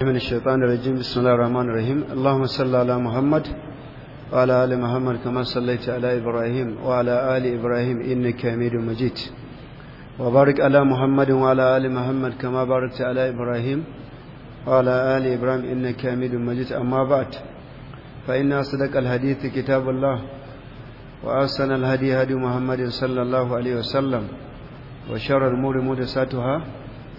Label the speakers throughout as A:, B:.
A: من الشيطان الرجيم بسم الله الرحمن الرحيم اللهم صل على محمد وعلى آل محمد كما صليت على إبراهيم وعلى آل إبراهيم إنك حميد مجيد وبارك على محمد وعلى آل محمد كما باركت على إبراهيم وعلى آل إبراهيم إنك حميد مجيد أما بعد فإن أصدق الحديث كتاب الله وأحسن الهدي هدي محمد صلى الله عليه وسلم وشر الأمور محدثاتها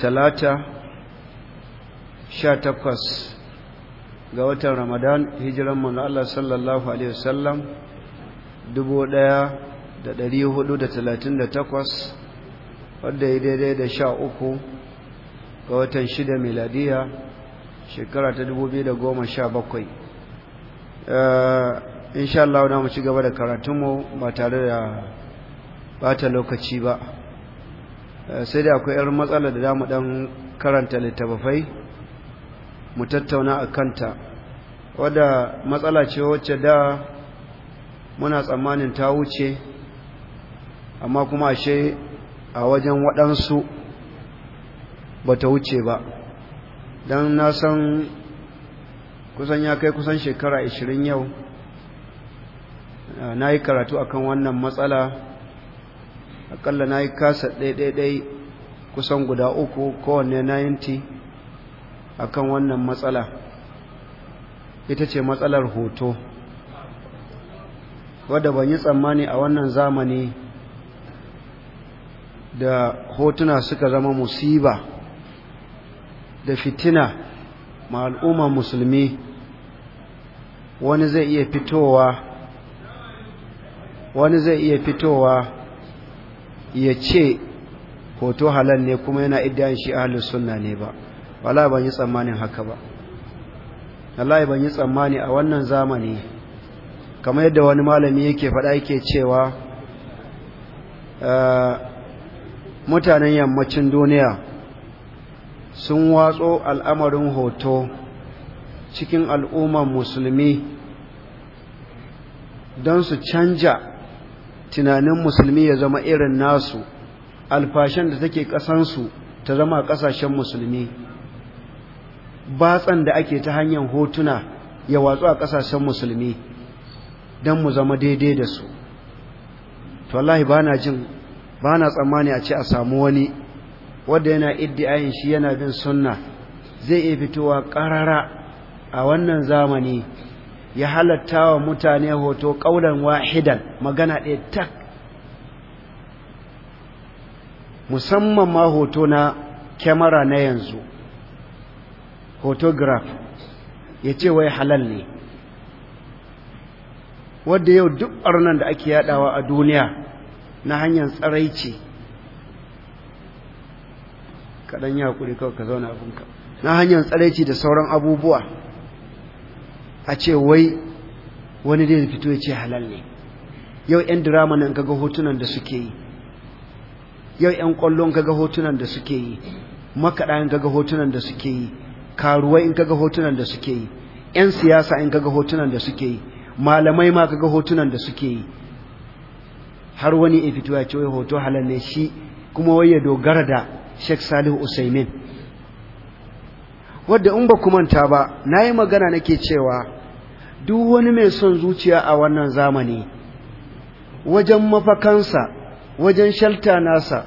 A: talata sha takwas ga watan ramadan hijiran manu Allah sallallahu alaihi wasallam dubu ɗaya da ɗari hudu da talatin da takwas wadda ya daidai da sha uku ga watan shida miladiya shekara ta dubu biyu da goma sha bakwai eh, insha Allah mu ci gaba da karatunmu ba tare da bata lokaci ba sai da akwai yar matsala da damu dan karanta littafai mu tattauna a kanta wadda matsala ce wacce da muna tsammanin ta wuce amma kuma ashe a wajen waɗansu ba ta wuce ba don na san kusan ya kai kusan shekara 20 yau na yi karatu akan wannan matsala akalla na yi kasa ɗaiɗaiɗai kusan guda uku kowanne na yinti a kan wannan matsala ita ce matsalar hoto wadda ban yi tsammani a wannan zamani da hotuna suka zama musiba da fitina ma al'umma musulmi wani zai iya fitowa wani zai iya fitowa ya ce hoto halal ne kuma yana iddiyan shi ahlus sunna ne ba wala ban yi tsammanin haka ba wallahi ban yi tsammani a wannan zamani kamar yadda wani malami yake faɗa yake cewa ah, mutanen yammacin duniya sun watso al'amarin hoto cikin al'umman musulmi don su canja tunanin musulmi ya zama irin nasu alfashan da take kasansu ta zama kasashen musulmi batsan da ake ta hanyar hotuna ya watsu a kasashen musulmi don mu zama daidai da su to wallahi na jin ba na tsammani a ce a samu wani wanda yana iddiayin shi yana bin sunna zai iya fitowa karara a wannan zamani ya halatta wa mutane hoto ƙaunar wahidan magana ɗaya tak musamman ma hoto na kyamara na yanzu photograph ya ce wai halal ne wadda yau duk ɓarnan da ake yaɗawa a duniya na hanyar tsaraici kaɗan ya kuri kawai ka zauna abinka na hanyar tsaraici da sauran abubuwa a ce wai wani zai fito ya ce halal ne yau 'yan drama nan kaga hotunan da suke yi yau 'yan kwallon kaga hotunan da suke yi makaɗa in kaga hotunan da suke yi karuwai in kaga hotunan da suke yi 'yan siyasa in kaga hotunan da suke yi malamai ma kaga hotunan da suke yi har wani ya fito ya ce wai hoto halal ne shi kuma wai ya dogara da Sheikh Salihu Usaimin wadda in ba ku manta ba nayi magana nake cewa duk wani mai son zuciya a wannan zamani wajen mafakansa wajen shalta nasa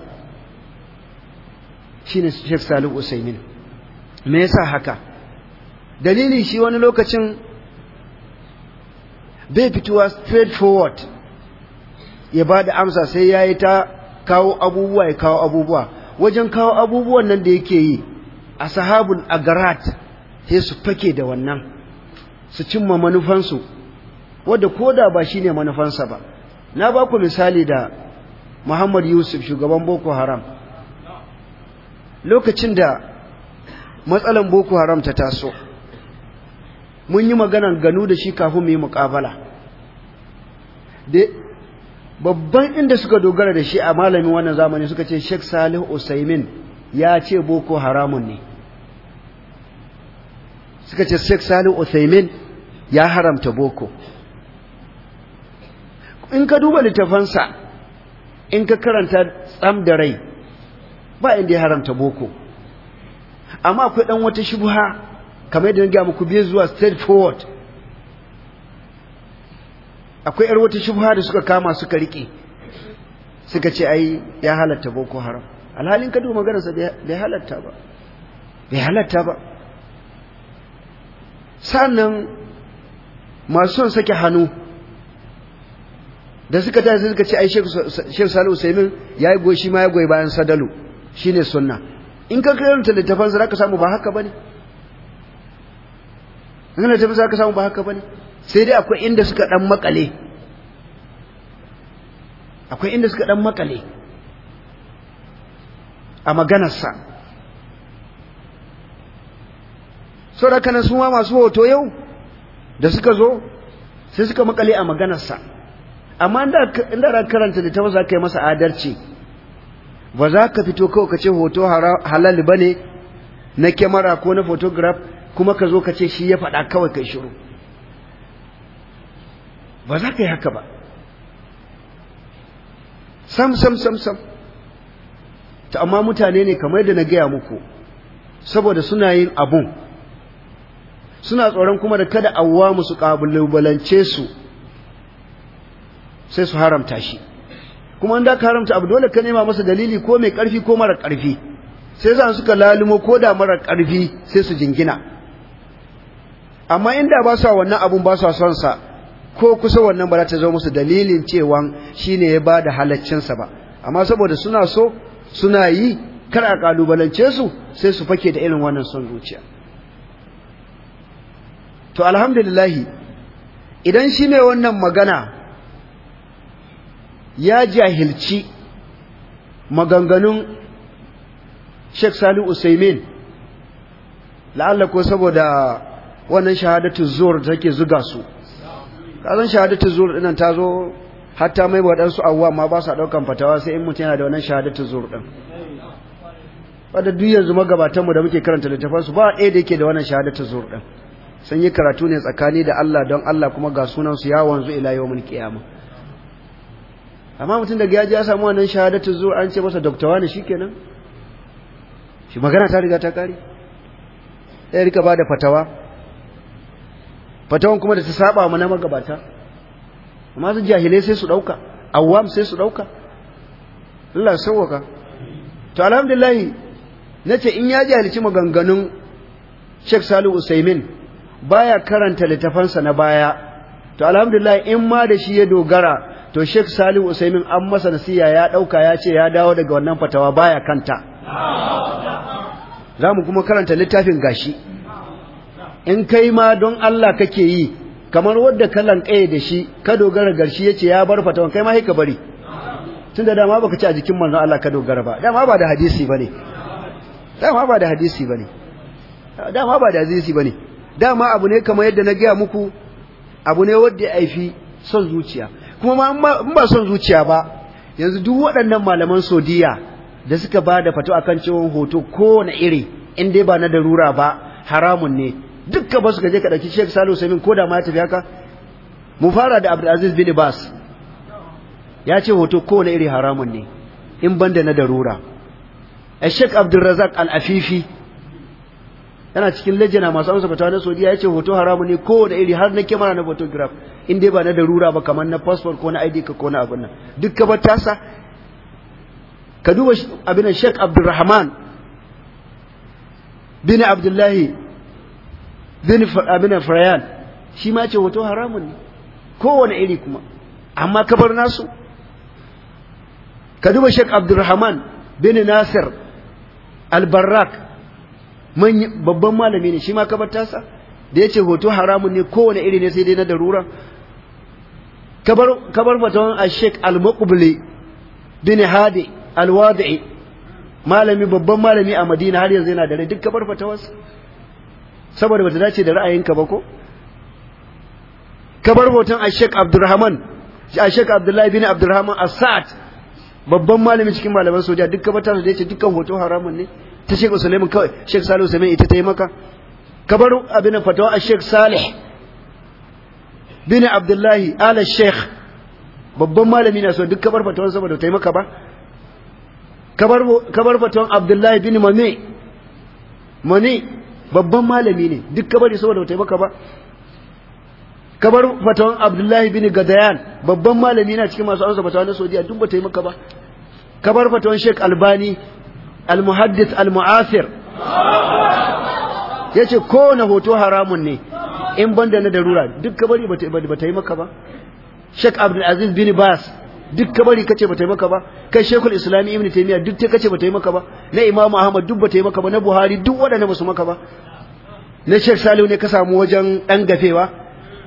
A: shine Sheikh salu Usaimin me yasa haka dalili shi wani lokacin bai fituwa straight forward ya ba da amsa sai ya yi ta kawo abubuwa ya kawo abubuwa wajen kawo abubuwan nan da yake yi a sahabun agarat sai su fake da wannan su cimma manufansu wadda ko da ba shine manufansa ba na ba ku misali da Muhammad Yusuf shugaban Boko Haram lokacin da matsalan Boko Haram ta taso mun yi maganan ganu da shi kafin mu mukabala babban inda suka dogara da shi a malamin wannan zamani suka ce Sheikh Salih Usaimin ya ce Boko Haramun ne suka ce Sheikh Salih Uthaymin ya haramta boko in ka duba littafansa in ka karanta tsam da rai ba inda ya haramta boko amma akwai dan wata shubha kamar yadda na muku biye zuwa straight forward akwai yar wata shubha da suka kama suka rike suka ce ai ya halatta boko haram alhalin ka duba maganarsa bai halatta ba bai halatta ba sannan masu son sake hannu da suka tashi suka ce ai Sheikh Salihu Usaimin yayi goyi shi ma ya goyi bayan sadalu shine sunna in ka kai karanta littafin za zaka samu ba haka ne in littafin za zaka samu ba haka ba ne? sai dai akwai inda suka dan makale akwai inda suka dan makale a maganarsa saboda kana su ma masu hoto yau da suka zo sai suka makale a maganarsa amma inda da karanta ba za ka yi masa adalci ba za ka fito kawai ka ce hoto halal ba ne na kyamara ko na photograph kuma ka zo ka ce shi ya faɗa kawai kai shiru ba za ka yi haka ba sam sam sam sam ta amma mutane ne kamar da na gaya muku saboda suna yin abun suna tsoron kuma da kada awwamu su kalubalance su sai su haramta shi kuma in ka haramta abu dole ka nema masa dalili ko mai karfi ko mara karfi sai za suka lalumo ko da mara karfi sai su jingina amma inda ba su wannan abun ba su son sa ko kusa wannan ba za ta zo musu dalilin cewa ne ya ba bada halaccinsa ba amma saboda suna so suna yi kar a kalubalance su sai su fake da irin wannan son zuciya to alhamdulillahi idan shi mai wannan magana ya jahilci maganganun Sheikh Salih Usaimin la'alla ko saboda wannan shahadatu zuwar da take zuga su kazan shahadatu zuwar dinan ta zo hatta mai waɗansu awwa ma ba su ɗaukan fatawa sai in mutum yana da wannan shahadatu zuwar din wadda duk yanzu magabatanmu da muke karanta littafansu ba ɗaya da yake da wannan shahadatu zuwar din sun yi karatu ne tsakani da Allah don Allah kuma ga sunansu ya wanzu ila mun kiyama amma mutum daga yaji ya samu wannan shahadatu zuwa an ce masa wani shi kenan shi magana ta riga ta kare sai rika bada fatawa fatawan kuma da ta saba mu na magabata amma su jahilai sai su dauka awam sai su dauka Allah sauwaka to alhamdulillah nace in ya jahilci maganganun Sheikh Salihu Usaimin baya karanta littafansa na baya to alhamdulillah in ma da shi ya dogara to Sheikh Salihu Usaimin an masa nasiya ya dauka ya ce ya dawo daga wannan fatawa baya kanta zamu kuma karanta littafin gashi in kai ma don Allah kake yi kamar wadda kallan kaye da shi ka dogara garshi yace ya bar fatawan kai ma sai ka bari tunda dama baka ci a jikin manzon Allah ka dogara ba dama ba da hadisi bane dama ba da hadisi bane dama ba da hadisi bane dama abu ne kamar yadda na gaya muku abu ne wanda ya haifi son zuciya kuma ma in ba son zuciya ba yanzu duk waɗannan malaman sodiya da suka ba da fato akan cewa hoto kowane iri in dai ba na darura ba haramun ne dukka ba su ka je ka ɗauki Sheikh Salihu Samin ko da ma ya tafi haka mu fara da Abdulaziz bin Bas ya ce hoto kowane iri haramun ne in banda na darura eh, Sheikh Abdulrazak Al-Afifi yana cikin lejina masu amsa fatawa na Saudiya yace hoto haramu ne ko iri har na kemara na photograph in dai ba na darura ba kamar na passport ko na ID ka ko na abin nan duk ka bar tasa ka duba abin Sheikh Abdulrahman bin Abdullahi bin abin Faryan shi ma ce hoto haramu ne kowane iri kuma amma ka bar nasu ka duba Sheikh Abdulrahman bin Nasir al-Barrak babban malami ne shi ma kabar tasa da ya ce hoto haramun ne kowane iri ne sai dai na darura kabar fatan a sheik al-maqbuli bin hadi al-wadi'i malami babban malami a madina har yanzu yana da rai duk kabar fatawarsa saboda bata dace da ra'ayinka ba ko kabar hoton a sheik abdurrahman a sheik abdullahi bin abdurrahman sa'ad babban malami cikin malaman soja duk kabar tasa da ya ce dukkan hoto haramun ne ta Sheikh Usaimin kawai Sheikh Salih Usaimin ita ta yi maka ka bar abin fatawa a Sheikh Salih bin Abdullahi ala shek babban malami na so duk ka fatawa saboda ta yi maka ba kabar fatawa Abdullahi bin Mani Mani babban malami ne duk kabar yi saboda ta yi maka ba kabar fatawa abdullahi bin gadayan babban malami na cikin masu ansa fatawa na saudiya duk ba ta yi maka ba kabar fatawan sheik albani almuhaddis almu'asir ya ce na hoto haramun ne in banda na darura duk ka bari ba ta yi maka ba shek abdulaziz bin bas duk ka bari kace ba yi maka ba kai shekul islami ibn taimiyya duk ta kace ba yi maka ba na Imam ahmad duk ba yi maka ba na buhari duk waɗanda ba su maka ba na sheikh salihu ne ka samu wajen ɗan gafewa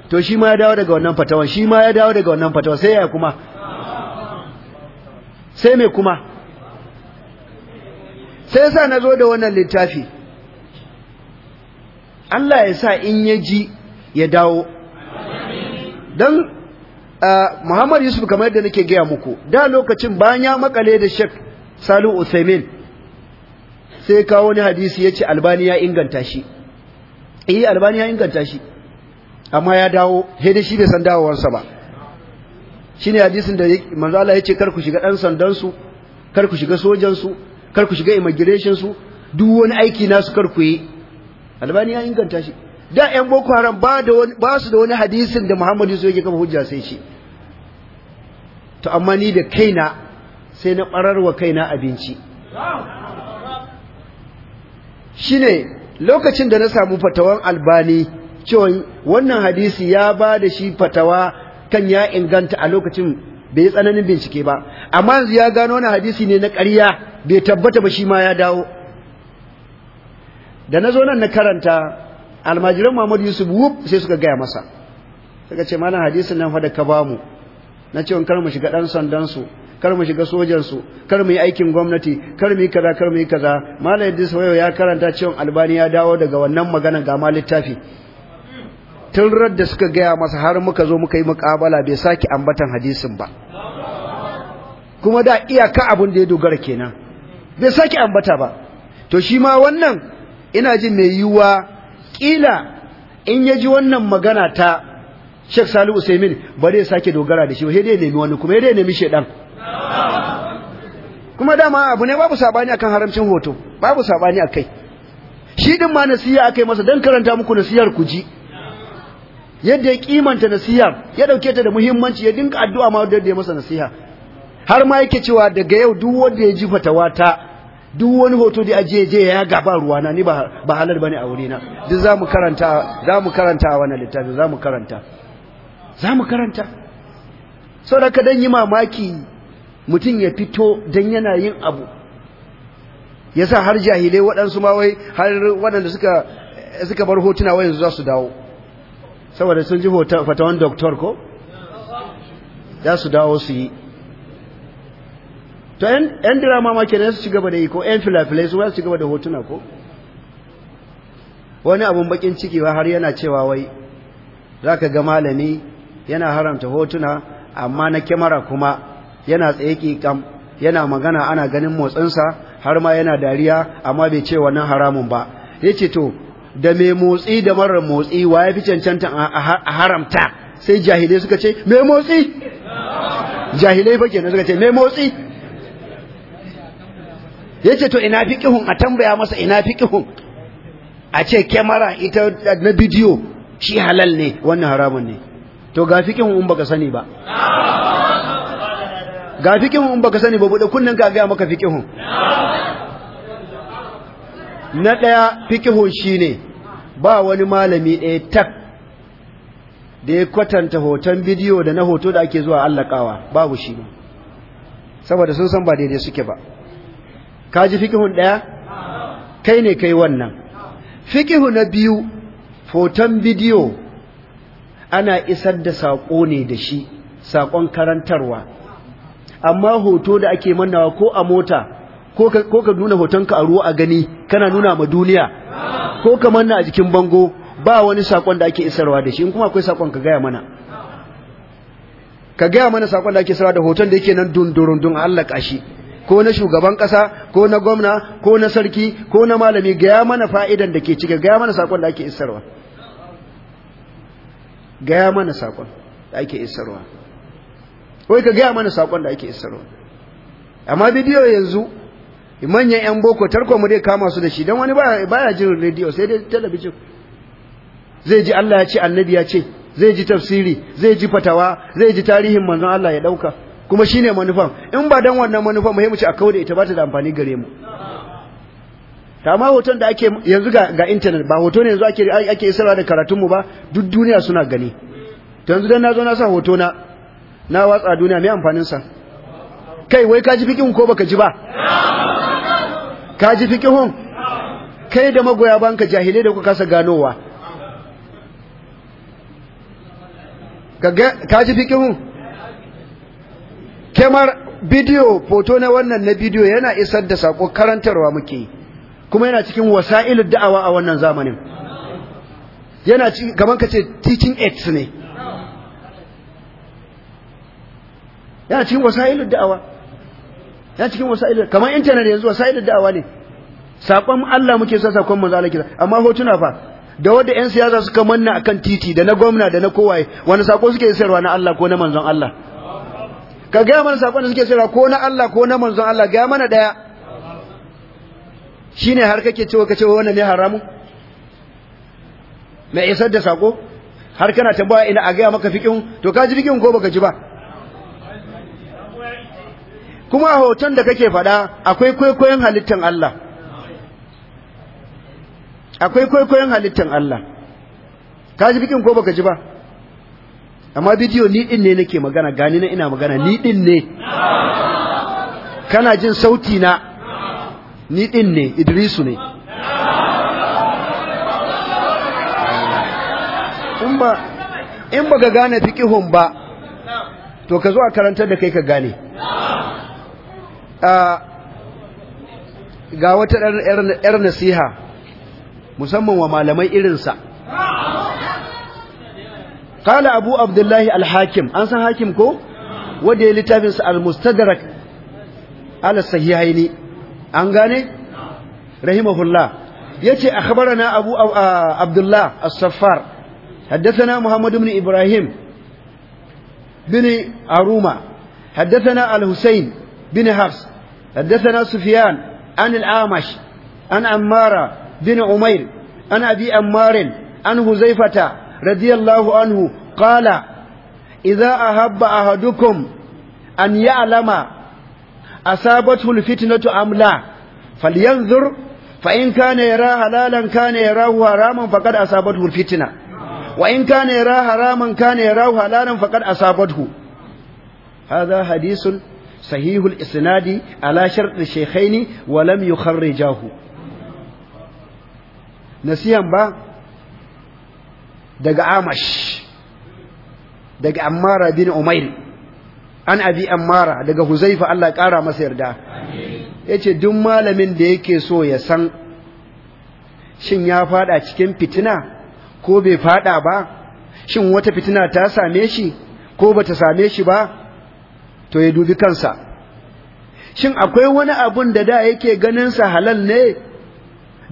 A: to shi ma ya dawo daga wannan fatawa. shi ma ya dawo daga wannan fatawan sai ya kuma sai mai kuma sai yasa na zo da wannan littafi Allah ya sa in ya ji ya dawo don Muhammad Yusuf kamar yadda nake gaya muku da lokacin bayan ya makale da Sheikh Salu Usaimin sai kawo wani hadisi ya ce Albani ya inganta shi eh Albani ya inganta shi amma ya dawo sai da shi bai san dawowarsa ba shine hadisin da manzo Allah ya ce kar ku shiga dan sandan su kar ku shiga sojan su kar ku shiga immigration su duk wani aiki nasu kar ku yi albani ya inganta shi da yan boko haram ba da ba su da wani hadisin da muhammadu su yake kafa hujja sai shi to amma ni da kaina sai na wa kaina abinci shine lokacin da na samu fatawan albani cewa wannan hadisi ya ba da shi fatawa kan ya inganta a lokacin bai tsananin bincike ba amma yanzu ya gano wani hadisi ne na ƙarya bai tabbata ba shi ma ya dawo da na zo nan na karanta almajiran Muhammad Yusuf wuf sai suka gaya masa suka ce malam hadisin nan fa da ka bamu na ce kar mu shiga dan sandan su kar mu shiga sojan kar mu yi aikin gwamnati kar mu yi kaza kar mu yi kaza malam wayo ya karanta cewa Albani ya dawo daga wannan magana ga ma littafi tun da suka gaya masa har muka zo muka yi muƙabala bai sake ambatan hadisin ba kuma da iyaka abin da ya dogara kenan bai sake ambata ba to shi ma wannan ina jin mai yiwuwa kila in ya ji wannan magana ta shek Salu Usaimin ba zai sake dogara da shi ba sai nemi wani kuma sai nemi shedan kuma dama abu ne babu sabani akan haramcin hoto babu sabani kai shi din ma nasiya kai masa don karanta muku nasiyar ku ji yadda ya kimanta nasiyar ya dauke ta da muhimmanci ya dinka addu'a ma da ya masa nasiha har ma yake cewa daga yau duk wanda ya ji fatawata ta duk wani hoto da ajiye je ya gaba ruwana ni ba ba halal bane a wurina duk zamu karanta zamu karanta wannan littafin zamu karanta zamu karanta saboda ka dan yi mamaki mutum ya fito dan yana yin abu yasa har jahilai waɗansu ma wai har waɗanda suka suka bar hotuna wai yanzu za su dawo saboda sun ji fatawan doktor ko za su dawo su yi to yan dirama ma kenan su ci gaba da yi ko yan filafilai su su ci gaba da hotuna ko wani abun bakin ciki ba har yana cewa wai za zaka ga malami yana haramta hotuna amma na kyamara kuma yana tsaye kam yana magana ana ganin motsinsa har ma yana dariya amma bai ce wannan haramun ba yace to da mai motsi da marar motsi wa ya fi cancanta a haramta sai jahilai suka ce mai motsi jahilai fa kenan suka ce mai motsi yace to ina fiƙihun a tambaya masa ina fiƙihun a ce kyamara ita na bidiyo shi halal ne wannan haramun ne to ga fiƙihun in baka sani ba ga fiqihun in baka sani ba buɗe kunnen ka gaya maka fiƙihun. na ɗaya fiƙihun shi ne ba wani malami ɗaya tak da ya kwatanta hoton bidiyo da na hoto da ake zuwa allakawa babu shi ne saboda sun san ba daidai suke ba ka ji fikihun ɗaya kai ne kai wannan fikihu na biyu foton bidiyo ana isar da saƙo ne da shi saƙon karantarwa amma hoto da ake mannawa ko a mota ko ka nuna hotonka a ruwa a gani kana nuna ma duniya ko ka manna a jikin bango ba wani saƙon da ake isarwa da shi in kuma akwai saƙon ka gaya mana ka gaya mana saƙon da ake isarwa da hoton da yake nan dundurundun Allah shi. ko na shugaban kasa ko na gwamna ko na sarki ko na malami gaya mana fa'idan da ke cike gaya mana sakon da ake isarwa gaya mana sakon da ake isarwa wai ka gaya mana sakon da ake isarwa amma bidiyo yanzu manyan yan boko tarko mu dai kama su da shi dan wani baya jin rediyo sai dai talabijin zai ji Allah ya ce annabi ya ce zai ji tafsiri zai ji fatawa zai ji tarihin manzon Allah ya dauka kuma shi ne manufan in ba dan wannan manufan mu mu ci a ita ba ta da amfani gare mu ma hoton da ake yanzu ga intanet ba hoto ne yanzu ake ake isarwa da karatunmu ba duk duniya suna gani to yanzu dan nazo na sa hoto na na watsa duniya me amfaninsa. kai wai ka ji fikin ko baka ji ba ka ji fikihun kai da magoya banka jahilai da kuka kasa ganowa ka ji fikihun kemar bidiyo foto na wannan na bidiyo yana isar da sako karantarwa muke kuma yana cikin wasa'ilin da'awa a wannan zamanin yana cikin kamar ka ce teaching aids ne yana cikin wasa'ilin da'awa yana cikin wasa'ilin kamar internet yanzu wasa'ilin da'awa ne sakon Allah muke sa sakon manzo Allah kira amma hotuna fa da wadda 'yan siyasa suka manna akan titi da na gwamna da na kowaye wani sako suke isarwa na Allah ko na manzon Allah ka gaya mana sakon da suke cewa ko na Allah ko na manzon Allah gaya mana daya ne har kake cewa kace wannan ne haramu mai isar da sako har kana tambaya ina a gaya maka fikin to ka ji fikin ko baka ji ba kuma hoton da kake faɗa akwai kwaikwayon halittan Allah akwai kwaikwayon halittan Allah ka ji fikin ko baka ji ba amma bidiyo ni din ne nake magana gani na ina magana ni din ne kana jin sauti na ni din ne idrisu ne in ba in ga gane fiqihun ba to ka zo a karantar da kai ka gane ah, ga wata yar nasiha musamman wa malamai irinsa qala abu abdullahi al-hakim an san hakim ko wanda ya littafin sa al-mustadrak ala sahihaini an gane rahimahullah yace akhbarana abu uh, abdullah as-saffar haddathana muhammad ibn ibrahim bin aruma haddathana al-husayn bin hafs haddathana Sufiyan. an al-amash an Amara. bin umair an abi ammarin an huzaifata رضي الله عنه قال إذا أحب أحدكم أن يعلم أصابته الفتنة أم لا فلينظر فإن كان يرى حلالا كان يراه حراما فقد أصابته الفتنة وإن كان يرى حراما كان يراه حلالا فقد أصابته هذا حديث صحيح الإسناد على شرط الشيخين ولم يخرجاه نسيا با daga amash daga ammara bin umair an abi ammara daga huzaifa Allah kara masa yarda yace duk malamin da yake so ya san shin ya fada cikin fitina ko bai fada ba shin wata fitina ta same shi ko bata same shi ba to ya dubi kansa shin akwai wani abun da da yake ganin sa halal ne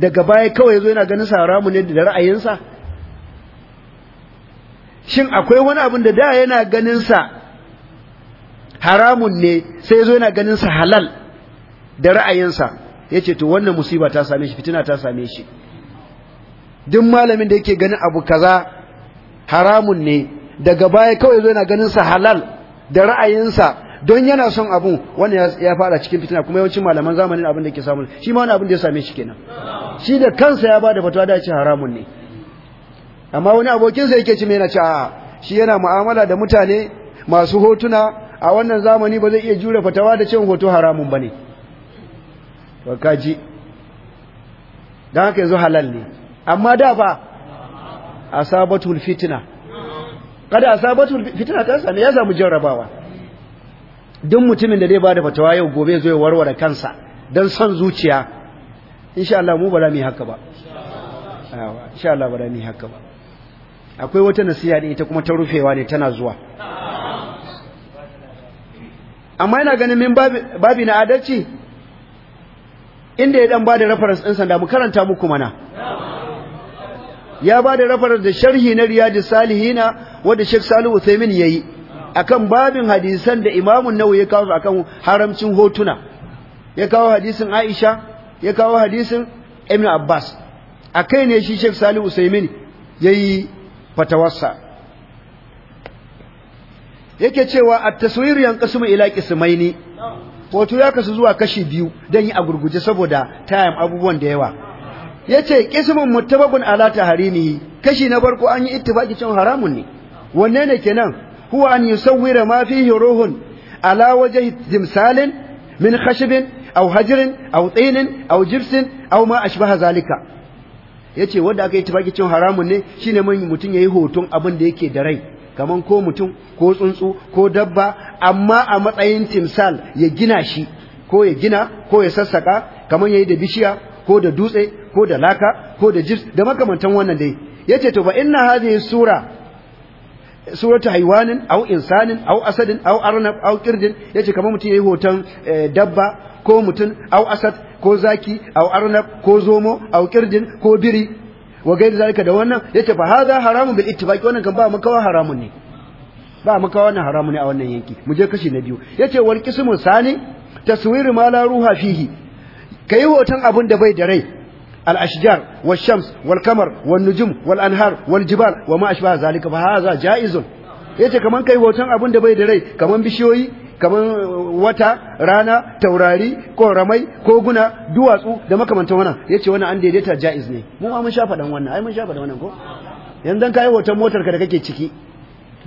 A: daga baya kawai yazo yana ganin sa haramu ne da ra'ayinsa shin akwai wani abin da da yana ganin sa haramun ne sai yazo yana ganin sa halal da ra'ayinsa yace to wannan musiba ta same shi fitina ta same shi duk malamin da yake ganin abu kaza haramun ne daga baya kawai yazo yana ganin sa halal da ra'ayinsa don yana son abun wani ya fara cikin fitina kuma yawancin malaman zamanin abin da ke samu shi ma wani abin da ya same shi kenan shi da kansa ya ba da fatuwa da ya haramun ne amma wani abokinsa yake ci yana ci a shi yana mu'amala da mutane masu hotuna a wannan zamani ba zai iya jure fatawa da cin hoto haramun ba ne wakaji don haka yanzu halal ne amma da ba a sabatul fitina kada a sabatul fitina ta sani ya samu jarrabawa duk mutumin da zai ba da fatawa yau gobe zai warware kansa don son zuciya insha Allah mu ba za mu yi haka ba insha Allah ba za mu yi haka ba akwai wata nasiha da ita kuma ta rufewa ne tana zuwa amma yana ganin min babi na adalci inda ya dan ba da reference ɗin sanda mu karanta muku mana ya ba da reference da sharhi na riyadu salihina wadda Sheikh Salihu yi yayi akan babin hadisan da imamun nawa ya kawo akan haramcin hotuna ya kawo hadisin Aisha ya kawo hadisin Ibn Abbas a kai ne shi Sheikh Salihu ya yi. fatawarsa yake cewa at-taswir yanqasimu ila qismaini wato ya kasu zuwa kashi biyu don yi a gurguje saboda tayan abubuwan da yawa ya yace qismun mutabagun ala harini kashi na farko an yi ittifaqi cin haramun ne wanne ne kenan huwa an yi yusawwira ma yi ruhun ala waje jimsalin min kashibin au hajirin au tsinin au jibsin au ma ashbaha zalika ya ce wanda aka yi tufaki cin haramun ne shine mutum ya yi hoton abin da yake da rai kamar ko mutum ko tsuntsu ko dabba amma a matsayin timsal ya gina shi ko ya gina ko ya sassaka kamar ya yi da bishiya ko da dutse ko da laka ko da jirs da makamantan wannan dai ya ce to ina inna hadhihi sura suratu haiwanin au insanin au asadin au arnab au kirdin yace kamar mutum ya yi hoton eh, dabba ko mutum au asad ko zaki au arnab ko zomo au kirdin ko biri wa gaida zalika da wannan yace fa hadha haramun bil ittifaqi wannan kan ba makawa haramun ne ba makawa wannan haramun ne a wannan yanki mu je kashi na biyu yace wal qismu sani taswiru ma la ruha fihi kai hoton abun da bai da rai al ashjar wal shams wal qamar wal nujum wal anhar wal jibal wa ma ashbaha zalika fa hadha jaizun yace kaman kai hoton abun da bai da rai kaman bishiyoyi kamar wata rana taurari ko koguna duwatsu da makamantan wannan yace wannan an daidaita jaiz ne mu ma mun sha faɗan wannan ai mun sha faɗan wannan ko yanzu kai hoton motar ka da kake ciki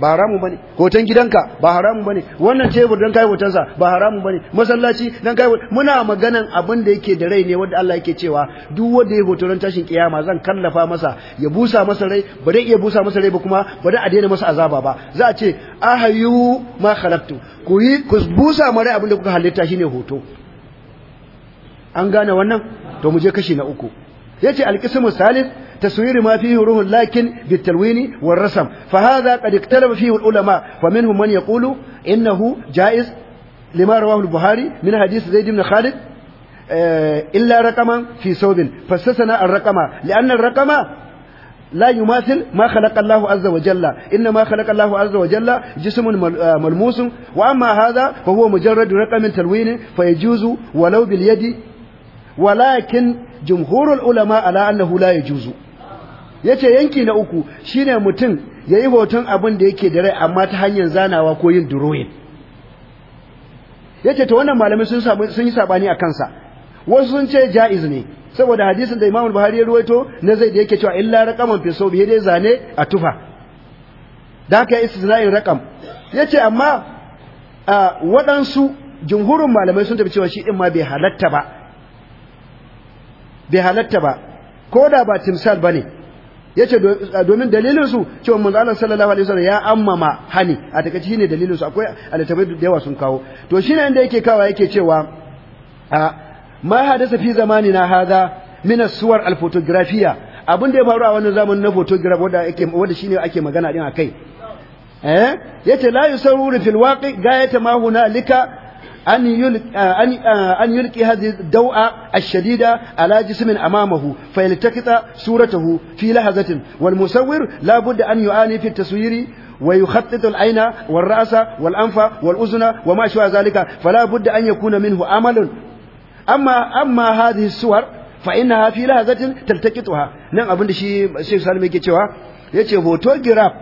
A: ba haramu bane hoton gidanka ba haramu bane wannan tebur dan kai hotonsa ba haramu bane masallaci dan kai muna maganan abin da yake da rai ne wanda Allah yake cewa duk wanda ya hoto ran tashin kiyama zan kallafa masa ya busa masa rai ba dai iya busa masa rai ba kuma ba dai a daina masa azaba ba za a ce ahayu ma khalaqtu ku yi ku busa mara abin da kuka halitta shine hoto an gane wannan to mu je kashi na uku yace alqismu salis تسوير ما فيه روح لكن بالتلوين والرسم فهذا قد اختلف فيه العلماء فمنهم من يقول إنه جائز لما رواه البخاري من حديث زيد بن خالد آه، إلا رقما في ثوب فاستثنى الرقم لأن الرقم لا يماثل ما خلق الله عز وجل إنما خلق الله عز وجل جسم آه، ملموس وأما هذا فهو مجرد رقم تلوين فيجوز ولو باليد ولكن جمهور العلماء على أنه لا يجوز ya ce yanki na uku shine mutum ya yi hoton abin da yake da rai amma ta hanyar zanawa ko yin ya yace ta wannan malamai sun yi sabani a kansa wasu sun ce jaiz ne saboda hadisin da Imam Buhari ya ruwaito na zai da yake cewa illa raqaman fi sawbi dai zane a tufa da haka istisna'in raqam yace amma a waɗansu jumhurin malamai sun tafi cewa shi din ma bai halatta ba bai ba ko da ba timsal ba ne. yace domin dalilinsu cewa manzo Allah sallallahu alaihi wasallam ya ammama hani a takaice ne dalilinsu su akwai alitabai da yawa sun kawo to shine inda yake kawa yake cewa ma hadasa fi na hadha min aswar alfotografiya abin da ya faru a wannan zamanin na photograph wanda ake wanda ne ake magana din akai eh yace la yusarru fil waqi gayata ma hunalika أن يلقي, آه، أن, آه، أن يلقي هذه الدوء الشديدة على جسم أمامه فيلتقط صورته في لحظة والمصور لا بد أن يعاني في التصوير ويخطط العين والرأس والأنف والأذن وما شابه ذلك فلا بد أن يكون منه عمل أما أما هذه الصور فإنها في لحظة تلتقطها نعم أبن شيء شيخ سالم يكي cewa yace photograph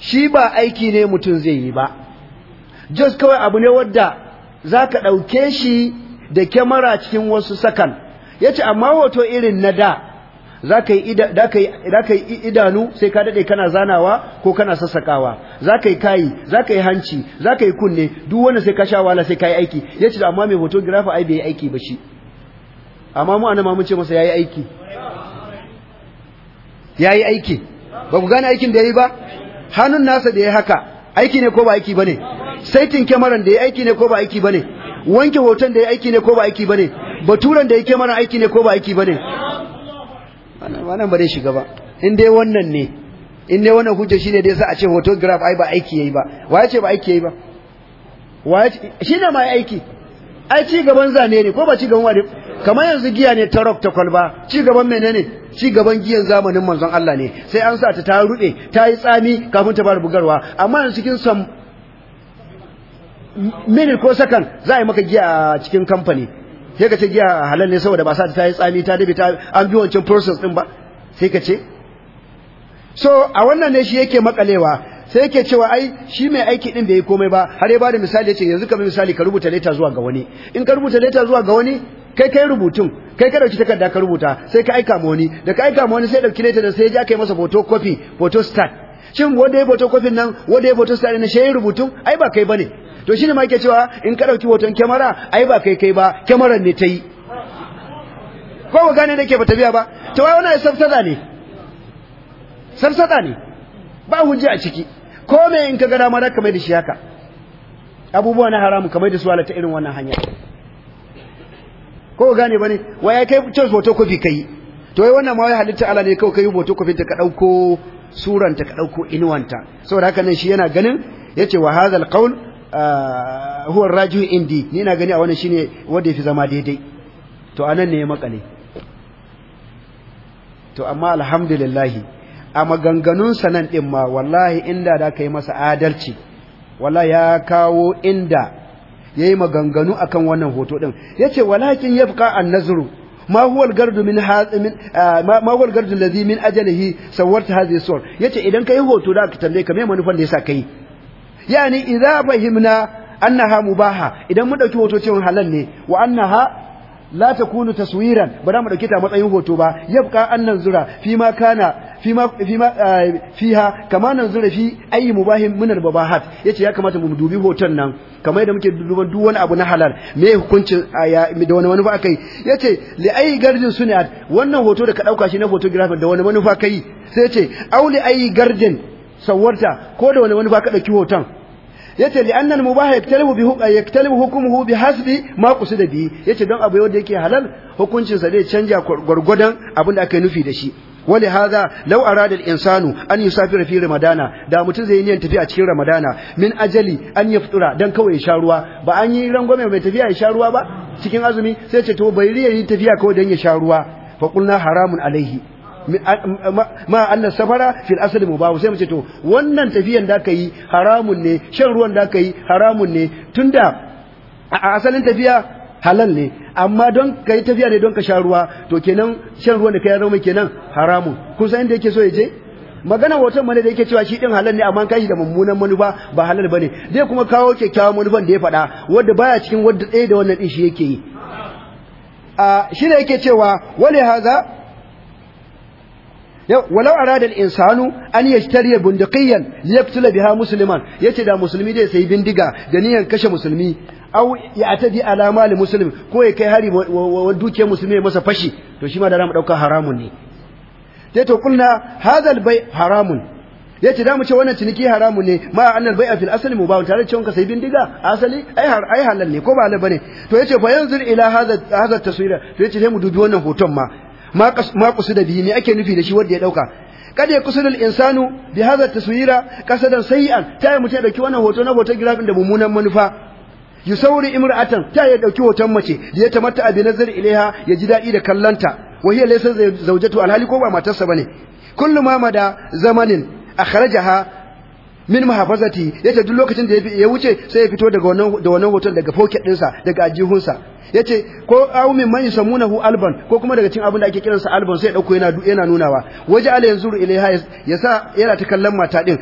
A: shi ba aiki ne mutum zai yi ba just za ka ɗauke shi da kyamara cikin wasu sakan ya ce amma hoto irin na da za ka yi idanu sai ka daɗe kana zanawa ko kana sassakawa za ka yi kayi za ka yi hanci za ka yi kunne duk wanda sai ka sha wala sai ka yi aiki ya ce amma mai girafa ai bai yi aiki ba shi amma mu anama mun ce masa ya yi aiki ya yi aiki ba ku gane aikin da ya yi ba hannun nasa da ya haka aiki ne ko ba aiki bane saitin kyamaran da ya aiki ne ko ba aiki bane wanke hoton da ya aiki ne ko ba aiki bane baturan da ya kyamara aiki ne ko ba aiki bane wannan ba zai shiga ba in dai wannan ne in dai wannan hujja shine dai sa a ce photograph ai ba aiki yayi ba wa ya ce ba aiki yayi ba waye shine ma aiki ai ci gaban zane ne ko ba ci gaban wani kamar yanzu giya ne ta rock ta kwalba ci gaban menene ci gaban giyan zamanin manzon Allah ne sai an sa ta ta rube ta yi tsami kafin ta bar bugarwa amma yanzu cikin sam ko sakan za a yi maka giya a cikin kamfani sai ka ce giya halal ne saboda ba sa ta yi tsami ta dabe ta an bi wancan process din ba sai ka ce so a wannan ne shi yake makalewa sai yake cewa ai shi mai aiki din bai yi komai ba har ya bada misali yace yanzu kamar misali ka rubuta leta zuwa ga wani in ka rubuta leta zuwa ga wani kai kai rubutun kai ka dauki takarda ka rubuta sai ka aika ma wani da ka aika ma wani sai dauki leta da sai ya kai masa photocopy photostat shin wanda ya photocopy nan wanda ya photostat start ne shi rubutun ai ba kai bane to shine ma yake cewa in ka dauki hoton kyamara ai ba kai kai ba kyamarar ne ta yi ko ga ne da ke ba tabiya ba to wai wannan sabsada ne sabsada ne ba hujja a ciki ko me in ka gada mara kamar da shi haka abubuwa na haramu kamar da su ta irin wannan hanya ko gane bane ya kai cin photocopy kai to wai wannan ma halitta ala ne kawai kai photocopy ta ka dauko suranta ka dauko inuwanta saboda haka nan shi yana ganin yace wa wahazal alqaul ah, huwa raju indi ni na gani a wannan shine wanda yafi zama daidai to anan ne ya makale to amma alhamdulillah a maganganunsa nan ɗin ma wallahi inda da ka yi masa adalci wallahi ya kawo inda ya yi maganganu a wannan hoto ɗin ya ce walakin ya fi ka'an nazaru ma gardu min lazi min ajalihi sawarta hazi suwar ya ce idan ka yi hoto da ka tambaye ka mai manufan da ya sa ka yi yani idza fahimna annaha mubaha idan mun ɗauki hoto cewa halal ne wa annaha la takunu taswiran ba da mu ɗauki ta matsayin hoto ba yabqa annan zura fi ma kana fima فيما ah, fiha كما ننظر fi أي mubahin من al يتي يا ya kamata mu dubi hoton nan kamar مكي muke duban duk ابو abu na halal me hukuncin ah, da wani manufa كاي يتي لاي ayi سنيات wannan hoto da ka dauka shi na photographer da wani manufa kai sai yace auli ay garden sawarta ko da wani manufa ka dauki hoton yace li annal mubah yaktalibu bi ah, yaktalibu hukmuhu bi hasbi ma qusida bi yace don abu da yake halal hukuncin sa zai canja gurgurdan abin da aka nufi da shi wali hadha law arada al-insanu an yusafira fi ramadana da mutum zai niyan tafiya cikin ramadana min ajali an yaftura dan kawai ya sha ruwa ba an yi rangwame mai tafiya ya sha ruwa ba cikin azumi sai ce to bai riya yi tafiya kawai dan ya sha ruwa fa qulna haramun alaihi ma anna safara fil asali mubahu sai mu ce to wannan tafiyan da ka haramun ne shan ruwan da ka haramun ne tunda a asalin tafiya halal ne amma don ka yi tafiya ne don ka sha ruwa to kenan shan ruwan da ka yaro kenan haramun kun san inda yake so ya je magana wata mana da yake cewa shi din halal ne amma kai shi da mummunan manufa ba halal bane zai kuma kawo kyakkyawan manufan da ya faɗa wanda baya cikin wanda ɗaya da wannan din shi yake yi a shi ne yake cewa wale haza walau aradal insanu an yashtari bunduqiyan liyaktula biha musliman yace da musulmi zai sayi bindiga da kashe musulmi au ya atadi ala mali muslim ko ya kai hari wa dukiyar musulmi masa fashi to shi ma da ramu dauka haramun ne sai to kulna hadal bai haramun yace da mu ce wannan ciniki haramun ne ma annal bai'a fil asli mubah tare cewa ka sai bindiga asali ai har ai halal ne ko ba halal bane to yace fa yanzur ila hadha hadha taswira to yace sai mu dubi wannan hoton ma ma kusu da bihi me ake nufi da shi wanda ya dauka kada ya kusur insanu bi hadha taswira kasadan ta tayi mutai dauki wannan hoto na girafin da mummunan manufa yusauri imra'atan ta ya dauki hoton mace da ya tamatta abi nazar ilaiha ya ji dadi da kallanta wa hiya laysa zawjatu alhali ko ba matarsa bane kullu ma mada zamanin akhrajaha min mahafazati yace duk lokacin da ya wuce sai ya fito daga wannan da wannan hoton daga pocket dinsa daga ajihunsa yace ko aumin man yusamunahu alban ko kuma daga cikin abin da ake sa alban sai ya dauko yana yana nunawa waje ala yanzuru ilaiha yasa yana ta kallon mata din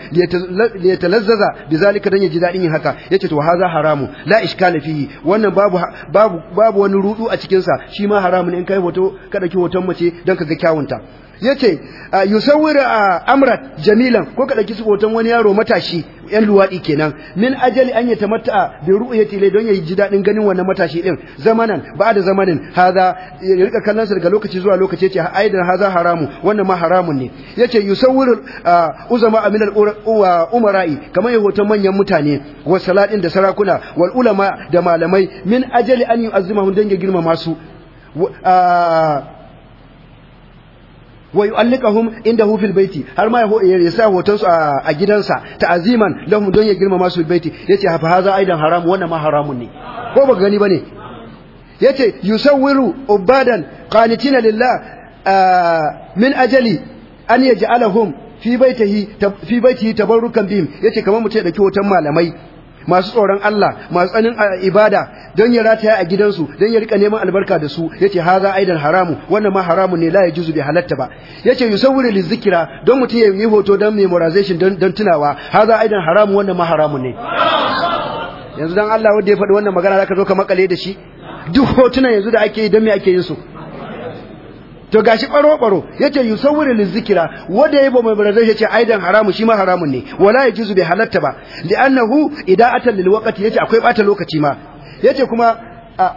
A: ya talazzaza bizalika dan yaji dadin yin haka yace to haza haramu la iskala fihi wannan babu babu babu wani rudu a cikin sa shi ma haramun in kai hoto ka dauki hoton mace dan ka ga kyawunta yace a amrat jamilan ko ka dauki su hoton wani yaro matashi yan luwaɗi kenan min ajali an mata bi ru'yati tilai don yaji daɗin ganin wannan matashi din zamanan ba da zamanin haza ya rika kallon sa daga lokaci zuwa lokaci yace aidan haza haramu wannan ma haramun ne yace yusawir uzama min al-umara'i kamar hoton manyan mutane wa salatin da sarakuna wal ulama da malamai min ajali an yu'azzimahu dan ya girmama su wa yu'alliqahum indahu fil baiti har ma ya sa hoton su a gidansa ta'aziman lahum don ya girmama su baiti yace fa haza aidan haram wannan ma haramun ne ko ba gani bane yace yusawwiru ubadan qanitina lillah min ajali an yaj'alahum fi baitihi fi baitihi tabarrukan bihim yace kamar mutum ya dauki hoton malamai masu tsoron Allah masu tsanin ibada don ya rataya a gidansu don ya rika neman albarka da su yace haza aidan haramu wannan ma haramu ne la juzu bi halatta ba yace yusawwiru lizikira don mutum ya yi hoto don memorization don tunawa ha haza aidan haramu wannan ma haramu ne yanzu dan Allah wanda ya faɗi wannan magana zaka zo ka makale da shi duk hotunan yanzu da ake yi don me ake yin su to gashi baro baro yace yusawwiru lizikira wanda yabo mai barazai yace aidan haramu shi ma haramun ne wala yajuzu bi halatta ba li'annahu ida'atan lilwaqti yace akwai bata lokaci ma yace kuma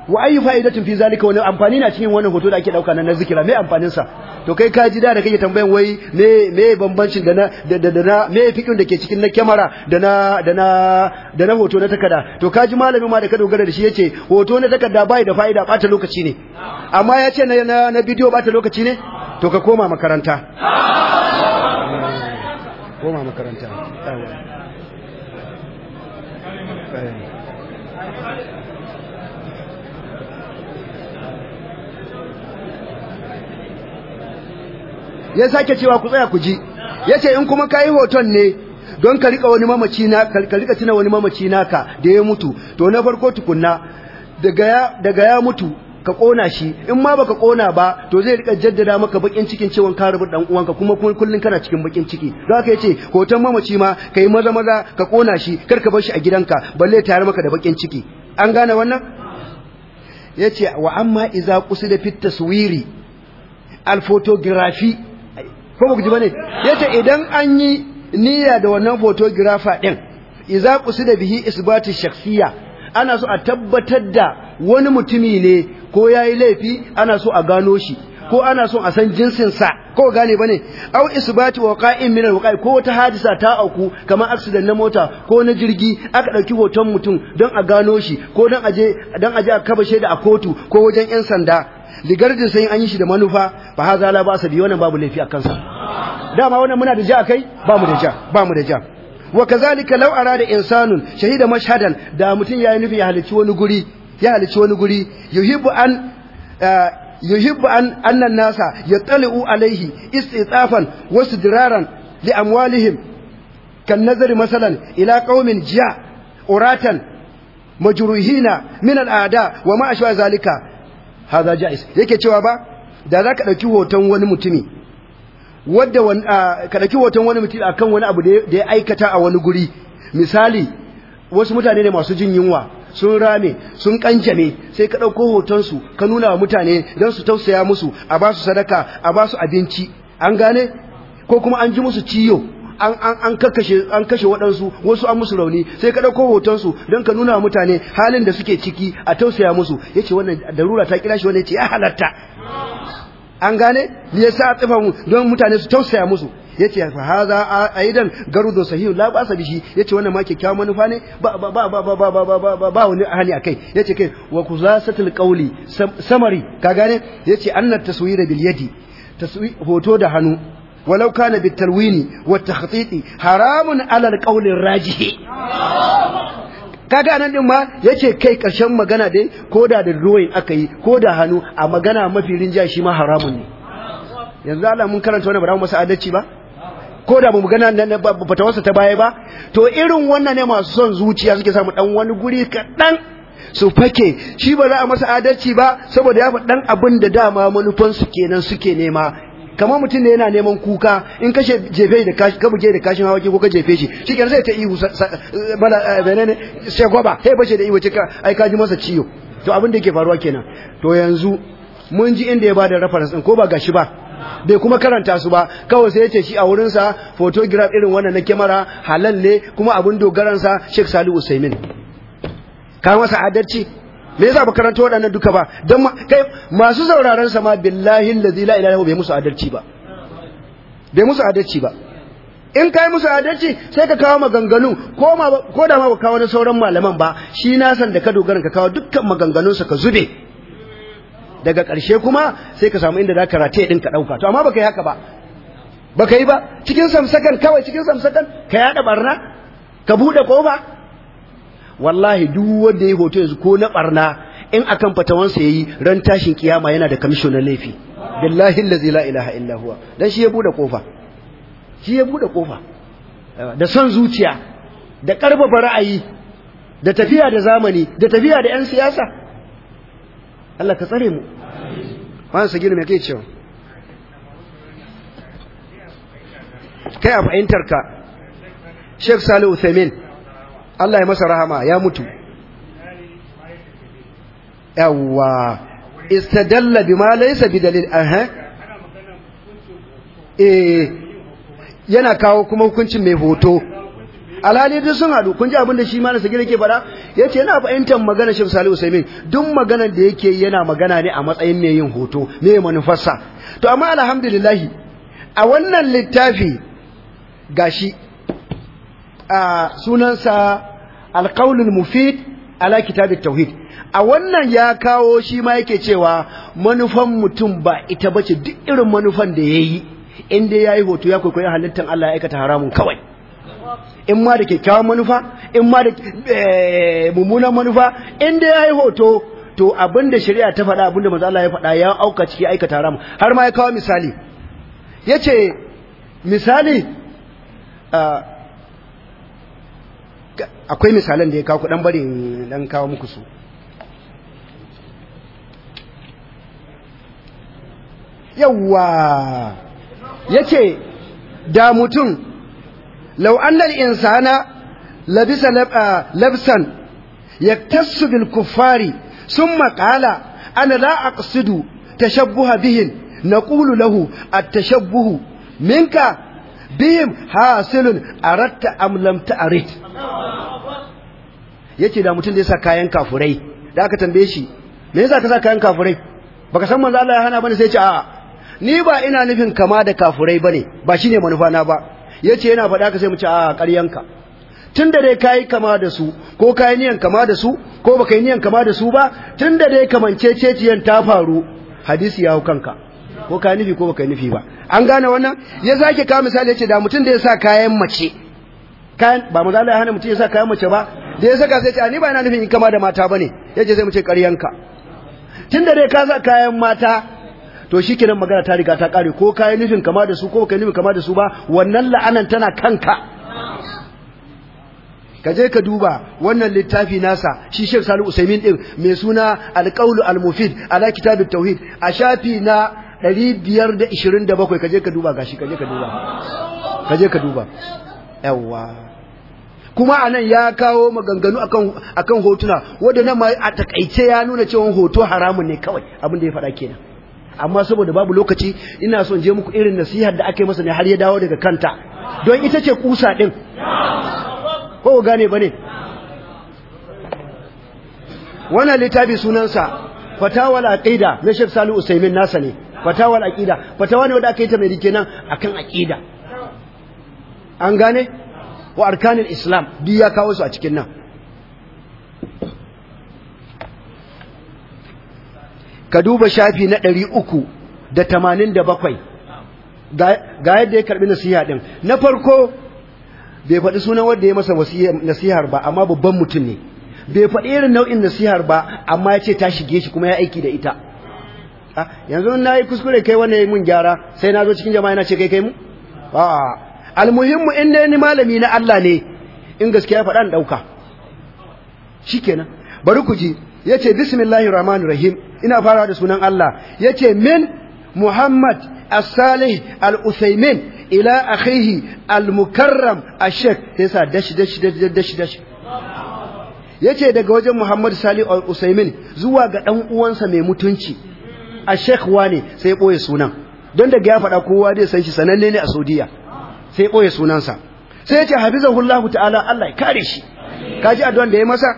A: wa ayi fa'idatin fi zalika wani amfani na cikin wannan hoto da ake dauka na zikira me amfanin sa to kai ka ji da da kake tambayan wai me me bambancin da na da da me fikin da ke cikin na kyamara da na da na da na hoto na takarda to ka ji malami ma da ka dogara da shi yace hoto na takarda bai da fa'ida bata lokaci ne amma yace na na, bidiyo bata lokaci ne to ka koma makaranta koma makaranta ya sake cewa ku tsaya ku ji yace in kuma kai hoton ne don ka rika wani mamaci na ka rika tuna wani mamaci naka da ya mutu to na farko tukunna daga ya daga ya mutu ka kona shi in ma baka kona ba to zai rika jaddada maka bakin cikin cewa ka rubu dan uwanka kuma kullun kana cikin bakin ciki don haka yace hoton mamaci ma kai maza maza ka kona shi kar ka bar shi a gidanka balle tayar maka da bakin ciki an gane wannan yace wa amma iza qusida fit taswiri al photography ko ba ku ji ne? yace idan an yi niyya da wannan photographer din idza da bihi isbati shakhsiyya ana so a tabbatar da wani mutumi ne ko yayi laifi ana so a gano shi ko ana son a san jinsin sa ko gane bane au isbati qa'im min alwaqa'i ko wata hadisa ta auku kamar accident na mota ko na jirgi aka dauki hoton mutum don a gano shi ko don aje don aje a kaba shaida a kotu ko wajen yan sanda ligardin sai an yi shi da manufa fa haza la ba sa bi wannan babu laifi a kansa dama wannan muna da ja kai ba mu da ja ba mu da ja wa kazalika law arada insanun shahida mashhadan da mutum yayi nufi ya halici wani guri ya halici wani guri yuhibbu an eh, yuhibbu an annan nasa ya yattali'u alaihi tsafan wasu diraran li amwalihim kan nazari masalan ila kaumin jiya uratan majruhina minan ada wa ma zalika hadha jais yake cewa ba da zaka hoton wani mutumi wadda ka ɗauki hoton wani mutumi akan wani abu da ya aikata a wani guri misali wasu mutane ne masu jin yunwa sun rame sun kanjame sai ka ɗauko hotonsu ka nuna wa mutane don su tausaya musu a ba su sadaka a ba su abinci an gane ko kuma an ji musu ciyo an kashe waɗansu wasu an musu rauni sai ka ɗauko hotonsu don ka nuna wa mutane halin da suke ciki a tausaya musu ya wannan darura ta kira shi wannan ya ya halatta an gane me yasa a tsifa mu don mutane su tausaya musu yace fa hadha aidan garudo sahihu la ba sabi shi yace wannan ma kikkiawa manufa ne ba ba ba ba ba ba ba ba ba ba wani hali akai yace kai wa kuzasatul qawli samari ka gane yace annat taswira bil yadi hoto da hannu ولو كان بالتلوين والتخطيط حرام على القول rajih kaga nan din ma yace kai karshen magana dai koda da ruwayin aka yi koda hannu a magana mafi rinja shi ma haramun ne yanzu Allah mun karanta wannan ba za mu masa adalci ba ko da ba gana fatawarsa ta baya ba to irin wannan ne masu son zuciya suke samu dan wani guri kaɗan su fake shi ba za a masa adalci ba saboda ya fi dan abin da dama manufansu kenan suke nema kamar mutum ne yana neman kuka in kashe jefe da kashi ka buge da kashin hawa ko ka jefe shi kenan sai ta ihu bala benene eh, sai goba sai bace da ihu ka ai ka ji masa ciwo to abin da yake faruwa kenan to yanzu mun ji inda ya ba da reference din ko ba gashi ba bai kuma karanta su ba kawai sai ya ce shi a wurin sa photograph irin wannan na kyamara halal ne kuma abun dogaran sa Sheikh Salihu Usaimin ka masa adalci me yasa ba karanta waɗannan duka ba dan kai masu sauraron sa ma billahi allazi la ilaha illa bai musu adalci ba bai musu adalci ba in kai musu adalci sai ka kawo maganganu ko ko da ma ba kawo na sauran malaman ba shi na san da ka dogaran ka kawo dukkan maganganun sa ka zube daga ƙarshe kuma sai ka samu inda za ka rataye ɗin ka ɗauka to amma baka yi haka ba baka yi ba cikin samsakan kawai cikin samsakan ka yaɗa barna ka buɗe ƙofa wallahi duk wanda ya hoto yanzu ko na barna in akan fatawansa yi ran tashin kiyama yana da na laifi billahi la ilaha dan shi ya buɗe ƙofa. da son zuciya da karfafa ra'ayi da tafiya da zamani da tafiya da yan siyasa Allah ka tsare mu wannan sagin mai kai cewa kai a fahimtar ka Sheikh Salih Uthamin, Allah ya masa rahama ya mutu yawwa istadalla ma laysa bi dalil, eh yana kawo kuma hukuncin mai hoto alhali duk sun hadu kun ji abin da shi ma malam sagir yake faɗa yace yana fahimtar magana shi Salih Usaimin duk maganar da yake yana magana ne a matsayin mai yin hoto me manufarsa to amma alhamdulillah a wannan littafi gashi a sunansa alqaulul mufid ala kitabit tauhid a wannan ya kawo shi ma yake cewa manufan mutum ba ita bace duk irin manufan da yayi in dai yayi hoto ya kwaikwayi halittar Allah ya aikata haramun kawai in ma da kyakkyawan manufa in ma da eh, mummunan manufa in dai yi hoto to abin da shari'a ta faɗa abin da manzo ya faɗa ya auka ciki aikata ramu har ma ya kawo misali Ya ce misali akwai misalan da ya kawo kudan bari dan kawo muku su yawwa yace da mutum لو أن الإنسان لبس لبسا يكتس بالكفار ثم قال أنا لا أقصد تشبه بهم نقول له التشبه منك bihim hasilun aratta am lam ta'rid yace da mutum da yasa kayan kafurai da aka tambaye shi me yasa ka sa kayan kafurai baka san manzo Allah ya hana bane sai ya ce a'a ni ba ina nufin kama da kafurai bane ba shine manufa na ba yace yana faɗa ka sai mu ce a ƙaryanka da dai yi kama da su ko yi niyan kama da su ko ka yi niyan kama da su ba tun da dai kamancececiyan ta faru hadisi ya hau kanka ko ka nufi ko baka nufi ba an gane wannan ya sake kawo misali ce da mutum da ya sa kayan mace kayan ba mu ya hana mutum ya sa kayan mace ba da ya saka sai ce ni ba ina nufin in kama da mata ba ya ce sai mu ce ƙaryanka da dai ka sa kayan mata to kenan magana ta riga ta kare ko kai nufin kama da su ko kai nufin kama da su ba wannan la'anan tana kanka ka je ka duba wannan littafi nasa shi Sheikh Salih Usaimin din mai suna Al-Qawl Al-Mufid ala Tauhid a shafi na 527 ka je ka duba gashi ka je ka duba ka je ka duba yawa kuma anan ya kawo maganganu akan hotuna wanda nan ma a takaice ya nuna cewa hoto haramun ne kawai abin da ya faɗa kenan amma saboda babu lokaci ina son je muku irin nasihar da ake masa ne har ya dawo daga kanta don ita ce kusa din ko gane bane wannan littafi sunansa fatawal aqida na shek salu Usaimin nasa ne fatawal aqida fatawa ne wanda aka yi ta mai nan, akan aqida an gane wa arkanul islam duk ya kawo su a cikin nan ka duba shafi na ɗari uku da tamanin da bakwai ga yadda ya karɓi nasiha ɗin na farko bai faɗi sunan wanda ya masa nasihar ba amma babban mutum ne bai faɗi irin nau'in nasihar ba amma ya ce ta shige shi kuma ya aiki da ita ah, yanzu na yi kuskure kai wanda ya mun gyara sai na zo cikin jama'a yana ce kai kai mu almuhimmu in dai ni malami na Allah ne in gaskiya faɗa in ɗauka shikenan bari ku ji yace bismillahir rahmanir rahim ina fara da sunan Allah yace min Muhammad as-Salih al-Uthaymin ila akhihi al-Mukarram ash-Sheikh yasa dashi dashi dashi dashi yace daga wajen Muhammad Salih al-Uthaymin zuwa ga dan uwansa mai mutunci ash-Sheikh wane sai ya boye sunan don daga ya faɗa kowa zai san shi sananne ne a Saudiya sai ya boye sunansa sai yace hafizahullahu ta'ala Allah ya kare shi kaji addu'an da yayi masa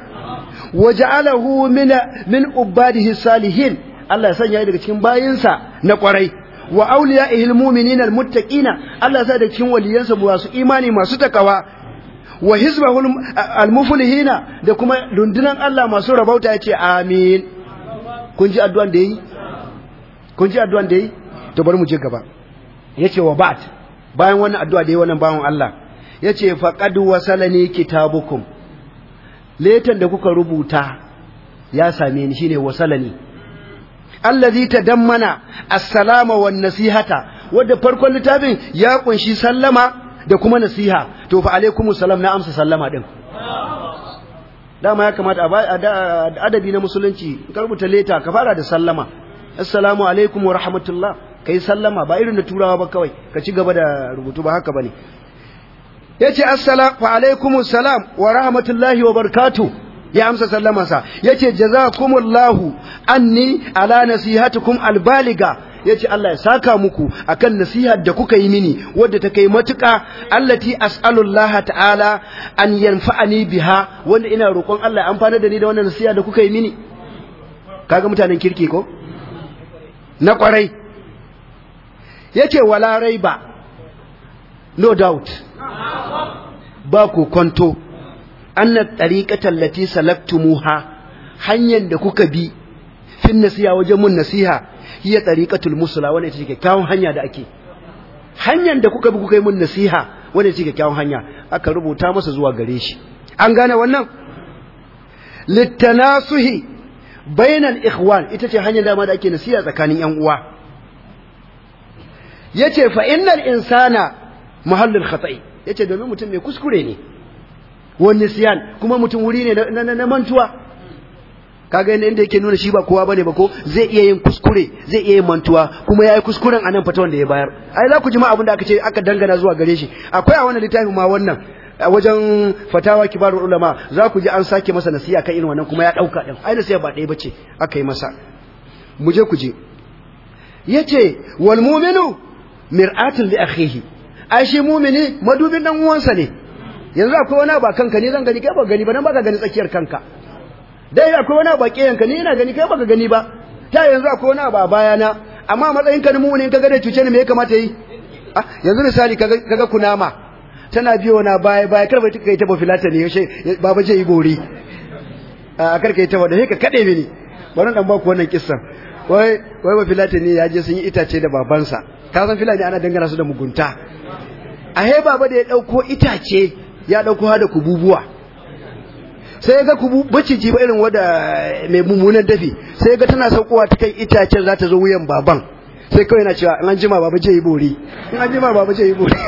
A: waja'alahu min min ubadihi salihin Allah ya sanya daga cikin bayinsa na kwarai wa awliya'ihi almu'minina almuttaqina Allah ya sanya daga cikin waliyansa masu imani masu takawa wa hizbahu almuflihina da kuma dundunan Allah masu rabauta yace amin kun ji addu'an da yi kun ji addu'an da yi to bari mu je gaba yace wa ba'd bayan wannan addu'a da yi wannan bawon Allah yace faqad wasalani kitabukum letan da kuka rubuta ya same ni shine wasalani allazi tadammana assalama wan nasihata wanda farkon littafin ya kunshi sallama da kuma nasiha to fa alaikumus salam na amsa sallama din dama ya kamata a adabi na musulunci ka rubuta leta ka fara da sallama assalamu alaikum wa rahmatullah kai sallama ba irin da turawa ba kawai ka ci gaba da rubutu ba haka bane yace assalamu alaikum salam wa rahmatullahi wa barkatu ya amsa sallamansa yace jazakumullahu anni ala nasihatukum albaliga yace Allah ya saka muku akan nasihar da kuka yi mini wadda ta kai matuka allati asalullaha ta'ala an yanfa'ani biha wanda ina roƙon Allah ya amfana da ni da wannan nasiha da kuka yi mini kaga mutanen kirki ko na kwarai yace wala raiba no doubt ba ku kwanto annat tariqatan lati salaktumuha hanyar da kuka bi fin nasiha wajen mun nasiha hiya tariqatul musula wanda ita ce kyakkyawan hanya da ake hanyar da kuka bi kuka yi mun nasiha wanda ita ce kyakkyawan hanya aka rubuta masa zuwa gare shi an gane wannan littanasuhi bainal ikhwan ita ce hanyar dama da ake nasiha tsakanin yan uwa yace fa innal insana mahallul khata'i yace domin mutum mai kuskure ne wani siyan kuma mutum wuri ne na mantuwa kaga inda yake nuna shi ba kowa bane ba ko zai iya yin kuskure zai iya yin mantuwa kuma yayi kuskuren anan fata wanda ya bayar ai za ku ji ma abin da aka ce aka dangana zuwa gare shi akwai a wannan littafin ma wannan wajen fatawa kibarul ulama za ku ji an sake masa nasiha kan irin wannan kuma ya dauka din ai nasiha ba ɗaya bace aka yi masa mu je ku je yace wal mu'minu mir'atun li akhihi ai shi mumini madubin dan uwansa ne yanzu akwai wani ba kanka ne zan gani kai ba gani ba nan ba ka gani tsakiyar kanka dai akwai wani ba yanka ne ina gani kai baka gani ba ta yanzu akwai wani ba bayana amma matsayin ka ne mumini ga da cuce ne me ya kamata yi ah, yanzu misali kaga kaga kunama tana biyo na baya baya kar ba kai ta filata ne yaushe baba je yi gori a ah, kar kai ta wada sai ka kade mini bari dan baku wannan kissan wai wai filata ne ya je sun yi itace da babansa ka san filani ana dangana su da mugunta ahe baba da ya dauko itace ya dauko hada kububuwa sai ga kubu maciji ba irin wanda eh, mai mummunan dafi sai ga tana saukowa ta kai itacen za ta zo wuyan baban sai kawai yana cewa an jima baba je yi bori an jima baba je yi bori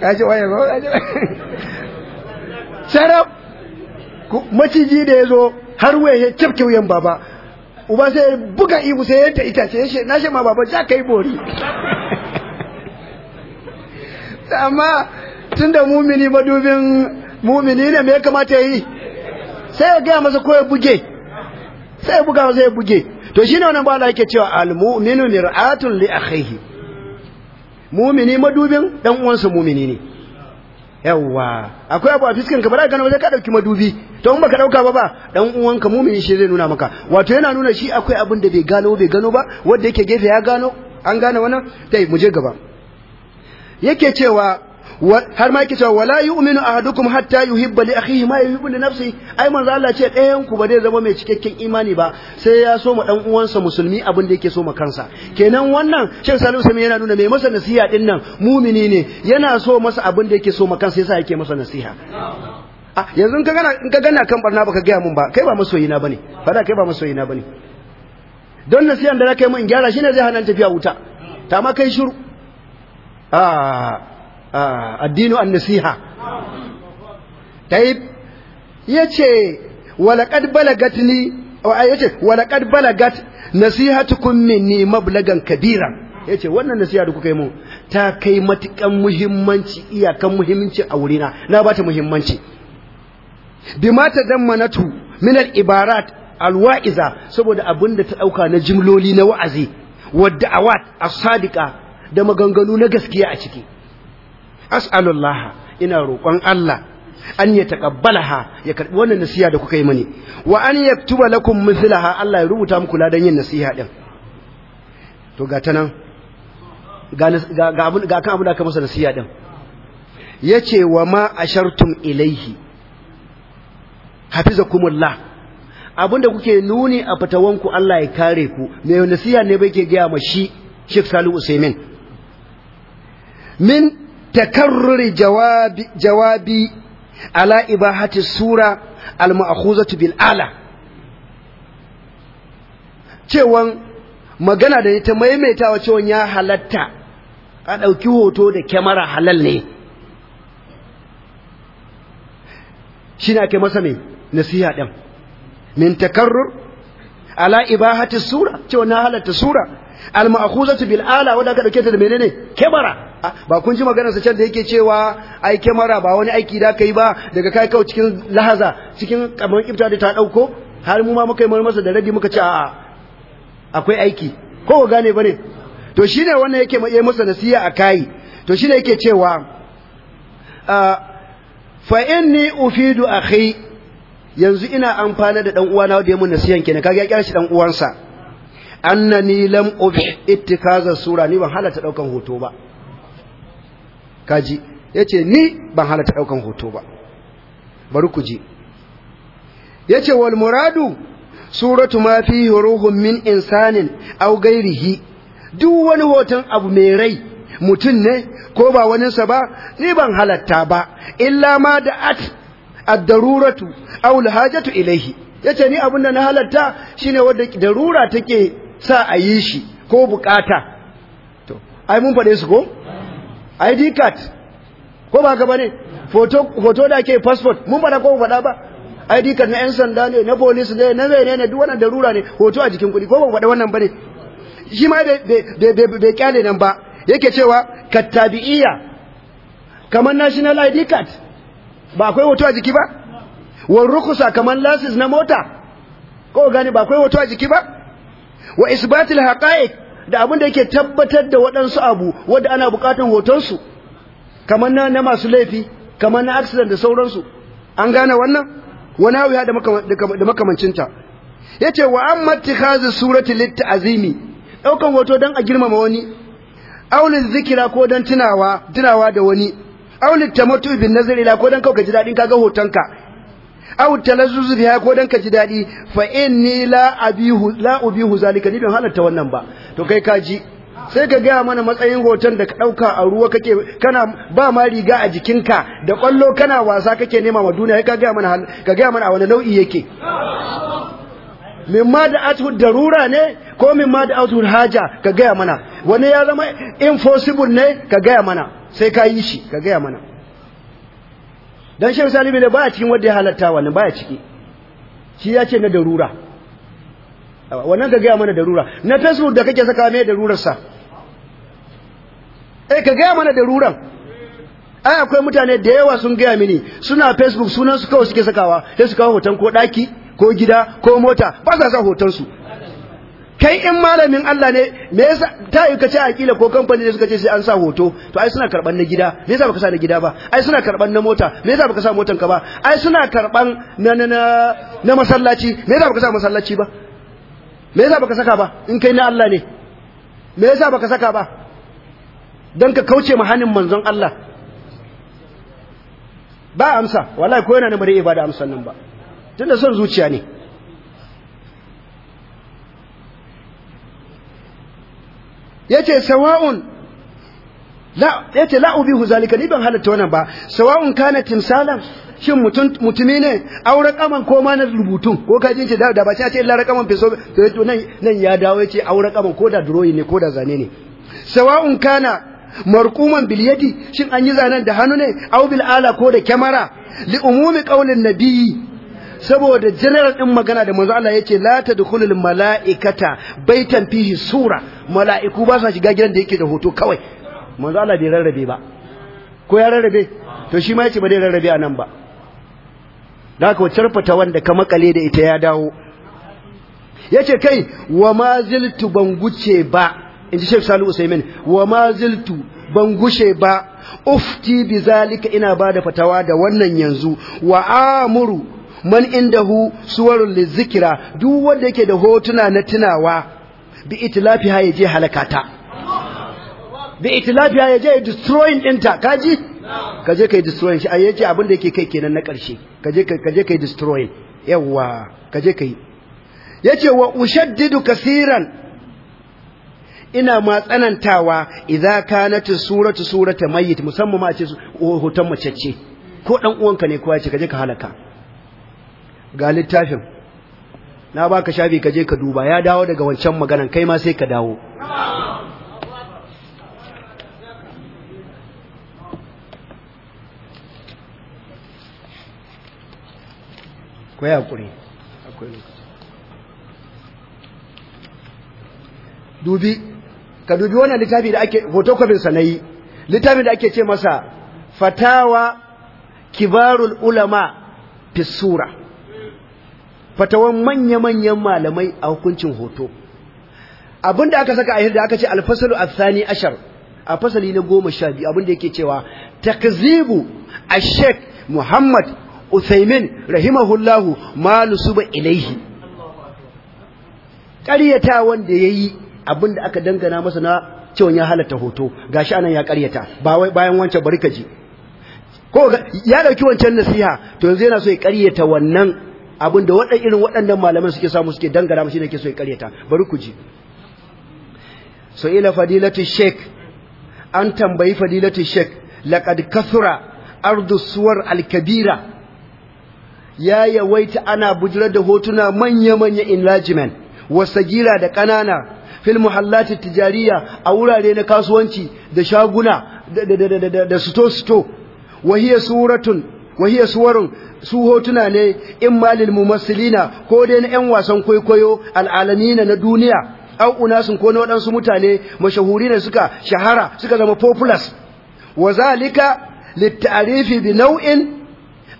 A: kaji waye ba kaji sharab maciji da yazo har waye ya kyafke wuyan baba uba sai buga ibu sai yanta itace ya na shi ma baba ja kai bori amma tunda mumini madubin mumini ne me kamata yi sai ya gaya masa ko ya buge sai ya buga sai ya buge to shine wannan ba yake cewa almu'minu mir'atun li akhihi mumini madubin dan uwansa mumini ne yawa akwai abu a fiskin ka ba gano sai ka dauki madubi to ba baka dauka ba ba dan uwanka mumini shi zai nuna maka wato yana nuna shi akwai abin da bai gano bai gano ba wanda yake gefe ya gano an gane wannan dai mu je gaba yake cewa har ma yake cewa wala yu'minu ahadukum hatta yuhibba li akhihi ma yuhibbu li nafsi ai manzo Allah ce ɗayan ku ba zai zama mai cikakken imani ba sai ya so mu dan uwansa musulmi abin da yake so ma kansa kenan wannan shin salihu sami yana nuna mai masa nasiha din nan mumini ne yana so masa abin da yake so ma kansa yasa yake masa nasiha a ah, yanzu in ka gana kan barna ba ka gaya mun ba kai ba masoyina bane fada kai ba masoyina bane don siyan da kai mun gyara shi ne zai hana tafiya wuta ta ma kai shiru a ah, a ah, addinu an-nasiha tayyib yace walaqad balagatni oh, yace walaqad balagat nasihatukum minni mablagan Kabira ya ce wannan nasiha da kuka yi mun ta kai matukan muhimmanci iyakan muhimmanci a wurina na ba ta muhimmanci bima tadammanatu min al-ibarat alwa'iza saboda abin da ta ɗauka na jimloli na wa'azi wadda awat as-sadiqa da maganganu na gaskiya a ciki as'alullaha ina roƙon Allah an ya taqabbalaha ya karbi wannan nasiha da kuka yi mani wa an yaktuba lakum mithlaha Allah ya rubuta muku ladan yin nasiha din to ga ta nan ga kan abin da aka masa nasiha ɗin. Ya ce wa ma ashartum ilaihi hafizakumullah abinda kuke nuni a fatawanku Allah ya kare ku mai nasiha ne bai ke gaya ma shi Sheikh Salu Usaimin min takarrur jawabi jawabi ala ibahati sura al bil ala cewan magana da ta maimaitawa cewan ya halatta a ɗauki hoto da kyamara halal ne shi na ke masa mai nasiha ɗin min takarrur ala ibahati sura cewa na halatta sura al ma'khuzatu bil ala wanda ka dauke ta da menene kebara ba kun ji maganar sa can da yake cewa ai kemara ba wani aiki da kai ba daga kai kawai cikin lahaza cikin kaman kifta da ta dauko har mu ma muka yi masa da rabi muka ce a'a akwai aiki ko gane bane to shine wannan yake yi masa nasiha a kai to shine yake cewa fa inni ufidu akhi yanzu ina amfana da dan uwana da ya mun nasiyan kenan kaga ya kyara shi dan uwansa annani lam ubih sura ni ban halata daukan hoto ba kaji yace ni ban halata daukan hoto ba bari ku ji yace wal muradu suratu ma fi ruhun min insanin aw gairihi duk wani hoton abu mai rai mutum ne ko ba waninsa ba ni ban halatta ba illa ma da at ad-daruratu aw al-hajatu ilayhi yace ni abun da na halatta shine wanda darura take sa a yi shi ko bukata to ai mun fade su ko ID card ko ba ka bane photo photo da ke passport mun fada ko fada ba ID card na yan sanda ne na police ne na mene ne duk wannan darura ne hoto a jikin kudi ko ba fada wannan bane shi ma bai kyale nan ba yake cewa kattabi'iyya kamar national ID card ba akwai hoto a jiki ba wa rukusa kamar lasis na mota ko gani ba akwai hoto a jiki ba wa isbatil haqa'iq da abin da yake tabbatar da waɗansu abu wanda ana buƙatar hotonsu kamar na, na masu laifi kamar na accident da sauransu an gane wannan wani wuya da makamancinta ya ce wa an matikazi surati litta azimi ɗaukan hoto don a girmama wani Aulin zikira ko don tunawa da wani aulit tamatu bin nazari ko dan kauka ji dadin kaga hotonka aw talazzuzu biha ko dan ka ji dadi fa inni la abihu la ubihu zalika ni ban halatta wannan ba to kai ka ji sai ka gaya mana matsayin hoton da ka ɗauka a ruwa kake kana ba ma riga a jikinka da ƙwallo kana wasa kake nema ma duniya ka gaya mana ka gaya mana a wani nau'i yake Min ma da atul darura ne ko min ma da atul haja ka gaya mana wani ya zama impossible ne ka gaya mana sai ka yi shi ka gaya mana dan shehu salibi ne baya cikin wanda ya halatta wannan baya ciki shi ya ce na darura wannan ka gaya mana darura na facebook da kake saka mai darurarsa eh ka gaya mana daruran ai akwai mutane da yawa sun gaya mini suna facebook sunan su kawai suke sakawa sai su kawo hoton ko daki ko gida ko mota ba za sa hoton su kai in malamin Allah ne me yasa ta yi kace akila ko kamfani ne suka ce sai an sa hoto to ai suna karban na gida me yasa baka sa na gida ba ai suna karban na mota me yasa baka sa motan ka ba ai suna karban na na na masallaci me yasa baka sa masallaci ba me yasa baka saka ba in kai na Allah ne me yasa baka saka ba dan ka kauce ma hanin manzon Allah ba amsa wallahi ko yana ne bari ibada amsan nan ba tunda son zuciya ne yace sawa'un la ce la ubihu zalika ni ban halatta wannan ba sawa'un kana timsalan shin mutum mutumi ne au kaman ko ma na rubutun ko ka ce da da ba sai ce illa raqaman feso to nan nan ya dawo ce aure kaman ko da drawing ne ko da zane ne sawa'un kana marquman bil yadi shin an yi zanen da hannu ne au bil ala ko da kamera li umumi qaulin nabiyyi saboda general din magana da manzo Allah yace la tadkhulul malaikata baitan fihi sura malaiku ba su shiga gidan da yake da hoto kawai manzo Allah bai rarrabe ba ko ya rarrabe to shi ma yace ba zai rarrabe anan ba da ka wacce rufata wanda ka makale da ita ya dawo yace kai wa ma ziltu ban guce ba inji Sheikh Salu Usaimin wa ma ziltu ban gushe ba ufti bi zalika ina bada fatawa da wannan yanzu wa amuru man indahu suwarul lizikira duk wanda yake da hotuna na tunawa bi ha yaje halakata bi ha yaje destroying inta kaji kaje kai destroying shi a yace abin da yake kai kenan na karshe kaje kai kaje kai destroying yawa kaje kai yace wa ushaddidu kaseeran ina ma tsanantawa idza kanat suratu surata mayyit musamman ma ce hoton mace ce ko dan uwanka ne ko ya ce kaje ka halaka ga littafin na ba ka shafi ka je ka duba ya dawo daga wancan maganan kai ma sai ka dawo kwaya kuri dubi ka dubi wannan littafi da ake hoto kwafin sanayi littafin da ake ce masa fatawa kibarul ulama fi surah fatawan manya-manyan malamai a hukuncin hoto abinda aka saka a yadda aka ce alfasalu a tsani ashar a fasali na goma sha biyu abinda yake cewa takzibu ashek muhammad usaimin rahimahullahu malu suba ilaihi ƙaryata wanda ya yi abinda aka dangana masa na cewa ya halatta hoto Ga shi anan ya ƙaryata bayan wancan bari ka ji ko ya ɗauki wancan nasiha to yanzu yana so ya karyata wannan abin da waɗanda irin waɗannan malaman suke samu suke dangara mashi da ke so ya karyata bari ku ji so ila fadilatu Sheikh. an tambayi fadilatu shek laqad kathura ardu suwar al ya yawaita ana bujirar da hotuna manya-manya enlargement wasagira da ƙanana fil muhallati tijariya a wurare na kasuwanci da shaguna da sito-sito wahiya suwarun su hotuna ne in malil mumassilina ko dai na ƴan wasan kwaikwayo al'alamina na duniya au unasun ko na waɗansu mutane mashahuri ne suka shahara suka zama populous wa zalika litta'rifi bi nau'in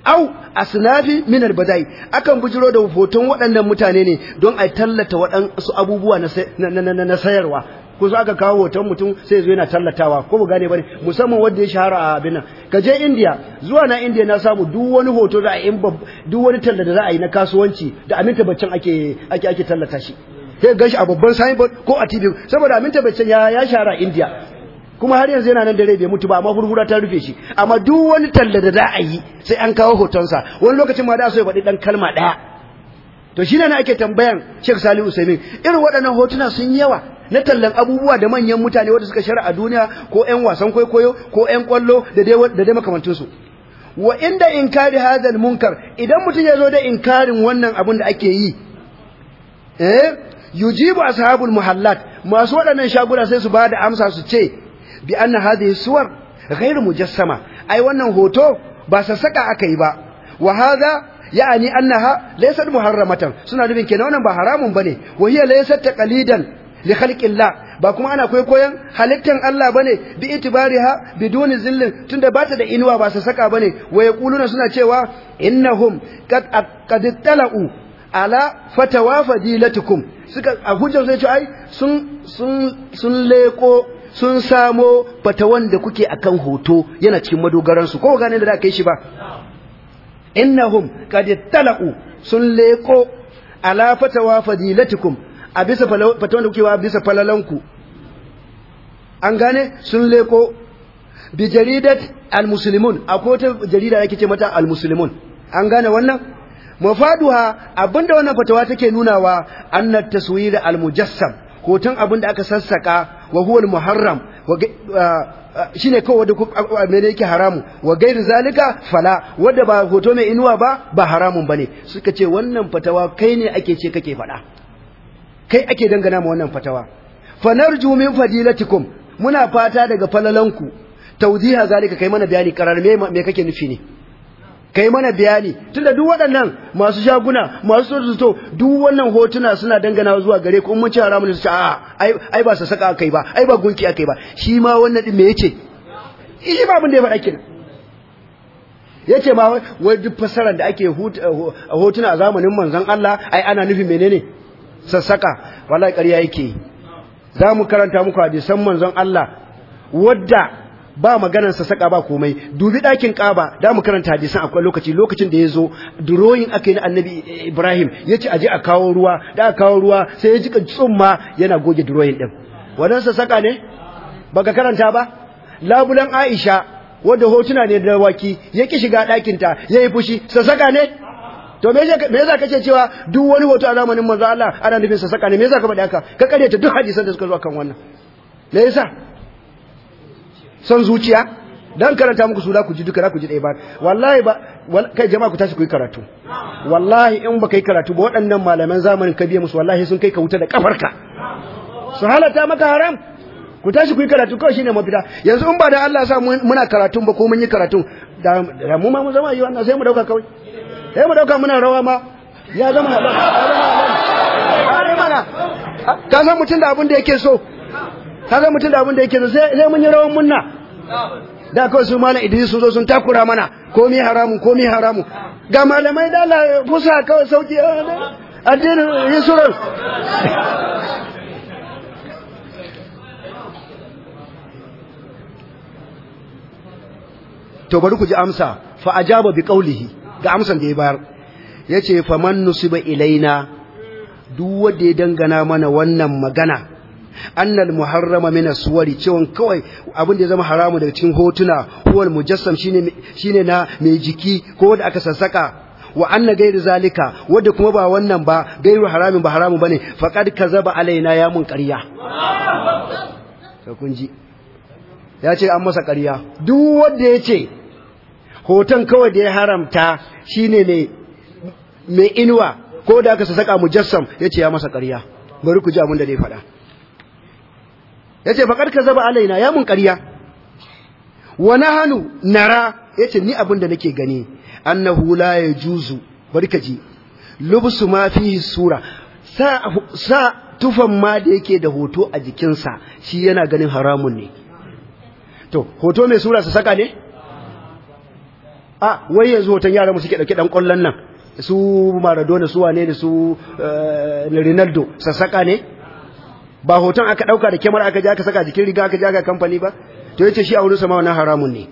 A: au asnafi min badai. akan bujiro da hoton waɗannan mutane ne don a tallata waɗansu abubuwa na sayarwa ko za ka kawo hoton mutum sai zo yana tallatawa ko mu gane ne musamman wanda ya shahara a abin nan ka je Indiya zuwa na Indiya na samu duk wani hoto da duk wani talla da za a yi na kasuwanci da aminta baccin ake ake ake tallata shi sai gashi a babban signboard ko a TV saboda aminta baccin ya ya shahara Indiya kuma har yanzu yana nan da rai bai mutu ba amma hurhura ta rufe shi amma duk wani talla da za a yi sai an kawo hoton sa wani lokacin ma da so ya faɗi ɗan kalma ɗaya to shi ne ake tambayan Sheikh Salihu Usaimin irin waɗannan hotuna sun yawa na tallan abubuwa da manyan mutane wanda suka shara a duniya ko ƴan wasan kwaikwayo ko ƴan kwallo da dai da dai su wa inda inkari hadal munkar idan mutum ya zo da inkarin wannan abin da ake yi eh yujibu ashabul muhallat masu waɗannan shaguna sai su ba da amsa su ce bi anna hadhihi suwar ghairu mujassama ai wannan hoto ba sassaka aka yi ba wa hadha ya'ani annaha laysat muharramatan suna nufin kenan wannan ba haramun bane wa hiya laysat taqlidan li khalqillah ba kuma ana koyan halittan Allah bane bi itibariha biduni zillin tunda bata da inuwa ba su saka bane wa yaquluna suna cewa innahum qad qad talau ala fatawa fadilatukum suka a hujjar sai ce ai sun sun sun leko sun samo fatawan da kuke akan hoto yana cikin madogaran su ko gane da da kai shi ba innahum qad talau sun leko ala fatawa fadilatukum a bisa fatawan da kuke wa bisa falalanku an gane sun leko bi jaridat al-muslimun akwai wata jarida da ce mata al-muslimun an gane wannan mafaduha abinda wannan fatawa take nunawa annat taswir al-mujassam hoton abinda aka sassaka wa huwa al-muharram shine kawai da mene yake haramu wa gairi zalika fala wanda ba hoto mai inuwa ba ba haramun bane suka ce wannan fatawa kai ne ake ce kake fada kai ake dangana ma wannan fatawa narju min fadilatikum muna fata daga falalanku tawdiha zalika kai mana bayani karar me me kake nufi ne kai mana bayani tunda duk waɗannan masu shaguna masu zuto duk wannan hotuna suna dangana zuwa gare ku mun ci haramun su a ai ba su saka kai ba ai ba gunki akai ba shi ma wannan din me yace shi ba abin da ya faɗa kenan yace ma wai duk fasarar da ake eh, hotuna a zamanin manzon Allah ai ana nufi menene sassaka wallahi ƙarya yake za mu karanta muku hadisan manzon Allah wadda ba maganar sassaka ba komai dubi ɗakin ƙaba da mu karanta hadisan akwai lokaci lokacin da ya zo duroyin aka yi na annabi ibrahim ya ce aje a kawo ruwa da a kawo ruwa sai ya ji tsumma yana goge duroyin ɗin wannan sassaka ne baka karanta ba labulan aisha wadda hotuna ne da waki ya ki shiga ɗakinta ya yi fushi sassaka ne to me yasa kake cewa duk wani hoto a zamanin manzo Allah ana nufin sa saka ne me yasa ka faɗi haka ka karyata duk hadisan da suka zo kan wannan me yasa san zuciya dan karanta muku sura ku ji duka ku ji dai ba wallahi ba kai jama'a ku tashi ku yi karatu wallahi in ba kai karatu ba waɗannan malaman zamanin ka biye musu wallahi sun kai ka wuta da kafarka su halata maka haram ku tashi ku yi karatu kawai shine mafita yanzu in ba da Allah sa muna karatun ba ko mun yi karatun da mu ma mun zama yi wannan sai mu dauka kawai sai eh, mu dauka muna rawa ma ya zama halal ya zama ka san mutum da abin da yake so ka san mutum da abin da yake so sai mun yi rawan munna da kawai su malam idris sun zo sun takura mana komi haramun komi haramun ga malamai da Allah fusa kawai sauki eh, addinin yisuran to bari ku ji amsa fa ajaba bi qawlihi ga amsan da ya bayar Ya ce faman nusiba ilaina duk wanda ya dangana mana wannan magana annal muharrama min aswari cewan kawai abin da ya zama haramu daga cikin hotuna huwal mujassam shine shine na mai jiki ko wanda aka sassaka wa anna gairu zalika wanda kuma ba wannan ba gairu haramin ba haramu bane faqad kazaba alaina ya mun ƙarya to kunji ya ce an masa ƙarya duk wanda ya ce hoton kawai da ya haramta shi ne mai inuwa ko da aka sasaka mujassam yace ya masa karya bari ku ji abin da zai faɗa yace ka zaba alaina ya mun ƙarya wa hannu nara yace ni abin da nake gani an hula ya ya bari ka ji lubusu ma fi sura sa sa tufan ma da yake da hoto a jikinsa shi yana ganin haramun ne to hoto mai sura su saka ne a wai yanzu hoton yaran mu suke dauke dan kwallon nan su Maradona su wane da su eh, Ronaldo sassaka ne ba hoton aka ɗauka da kyamar aka ja aka saka jikin riga aka ja ga kamfani ba to yace shi a wurin sama wannan haramun ne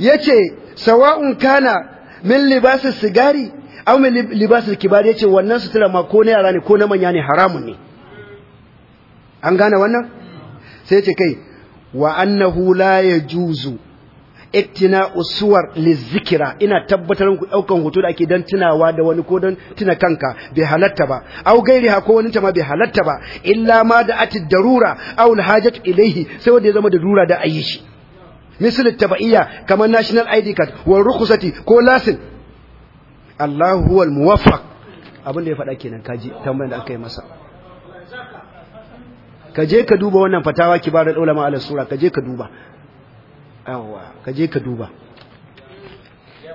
A: yace sawa'un kana min libasar sigari aw min libasis kibar yace wannan sutura ma ko na yara ne ko na manya ne haramun ne an gane wannan sai yace kai wa annahu ya yajuzu ittina usuwar lizikira ina tabbatar ku daukan hoto da ake dan tunawa da wani ko dan tuna kanka bai halatta ba aw ha ko wani ta ma bai halatta ba illa ma da ati darura aw alhajat ilaihi sai wanda ya zama da darura da ayi shi misal tabaiya kamar national id card wa rukhsati ko lasin Allahu huwal muwaffaq abin da ya fada kenan kaji tambayar da aka yi masa kaje ka duba wannan fatawa kibarul ulama ala sura ka ka duba yawa ka je ka duba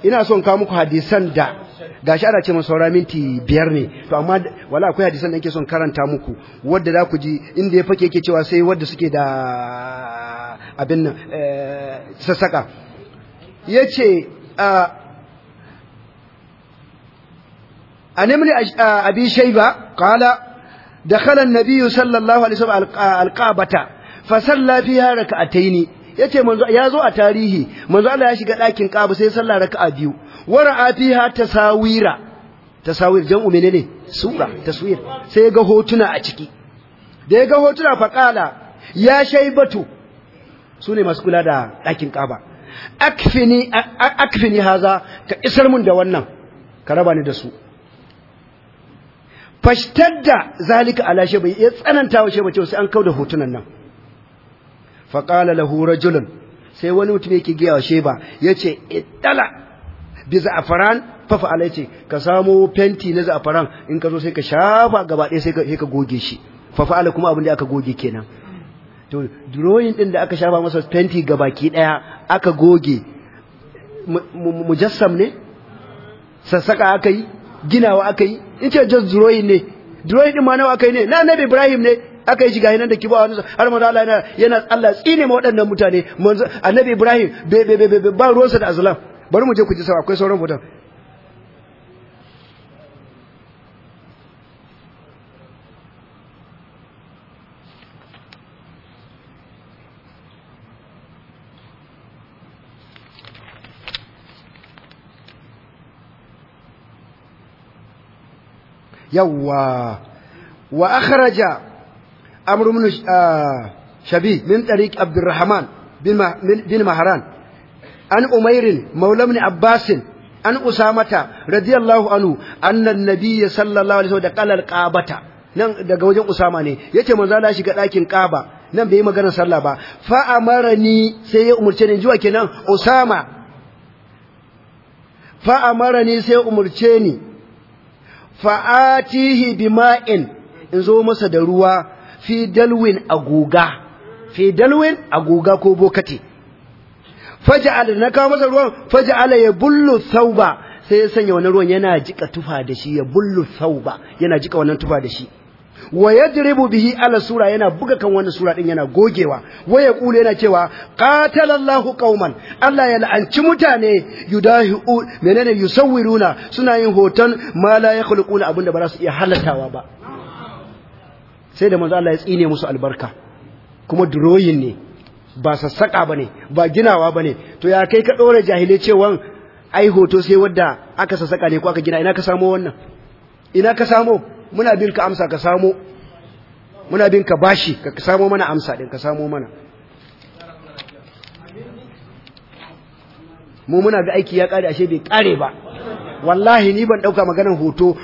A: ina son ka muku hadisan da gashi ana ce saura minti biyar ne to amma wala akwai hadisan da yake son karanta muku wadda za ku ji inda ya fake yake cewa sai wadda suke da abin nan sassaka yace عن ابن أبي sallallahu alaihi دخل النبي صلى الله عليه وسلم a ta yi ni. yace manzo ya zo a tarihi manzo Allah ya shiga ɗakin Kaaba sai sallah raka'a biyu wara'a fiha tasawira tasawir jam'u menene sura taswir sai ya ga hotuna a ciki da ya ga hotuna faqala ya shaybatu sune masu kula da ɗakin Kaaba akfini akfini haza ka isar mun da wannan ka raba ni da su fashtadda zalika ala shabai ya tsananta wa ce sai an kauda hotunan nan faƙala lahu julin sai wani mutum yake giya wa sheba ya ce idala bi za'afaran fafa ala ce ka samo fenti na za'afaran in ka zo sai ka shafa gaba ɗaya sai ka goge shi fafa ala kuma abin da aka goge kenan to drawing din da aka shafa masa fenti gabaki ɗaya aka goge mujassam ne sassaka aka yi ginawa aka yi in ce just drawing ne drawing din ma nawa aka yi ne na annabi ibrahim ne aka yi shiga ga hinan da kibawa wani har manzo Allah yana Allah tsine ma waɗannan mutane manzo annabi Ibrahim be be be be ba ruwansa da azlam bari mu je ku ji sau akwai sauran hoton yawwa wa akhraja amr ibn uh, shabi min tariq abdurrahman bin mahran an umair maula ibn abbas an usamata radiyallahu anhu anna an sallallahu alaihi wasallam qala al-qabata nan daga wajen usama ne yace manzo Allah shiga dakin kaba nan bai yi maganar sallah ba fa amarani sai ya umurce ni zuwa kenan usama fa amarani sai umurce ni fa atihi bima'in in zo masa da ruwa fi dalwin agoga fi dalwin agoga ko bokati faja'ala na kawo masa ruwan faja'ala ya bullu sauba sai ya sanya wannan ruwan yana jika tufa da shi ya bullu sauba yana jika wannan tufa da shi wa yadribu bihi ala sura yana buga kan wannan sura din yana gogewa wa ya kula yana cewa qatalallahu qauman Allah ya la'anci mutane yudahu menene yusawiruna suna yin hoton ma la yakhluquna abinda ba za su iya halatawa ba sai da manzo Allah ya tsine musu albarka kuma drawing ne ba sassaka bane ba ginawa bane to ya kai ka dora jahilai cewan ai hoto sai wanda aka sassaka ne ko aka gina ina ka samo wannan ina ka samo muna bin ka amsa ka samo muna bin ka bashi ka samo mana amsa din ka samo mana mu muna ga aiki ya kare ashe bai kare ba wallahi ni ban dauka maganar hoto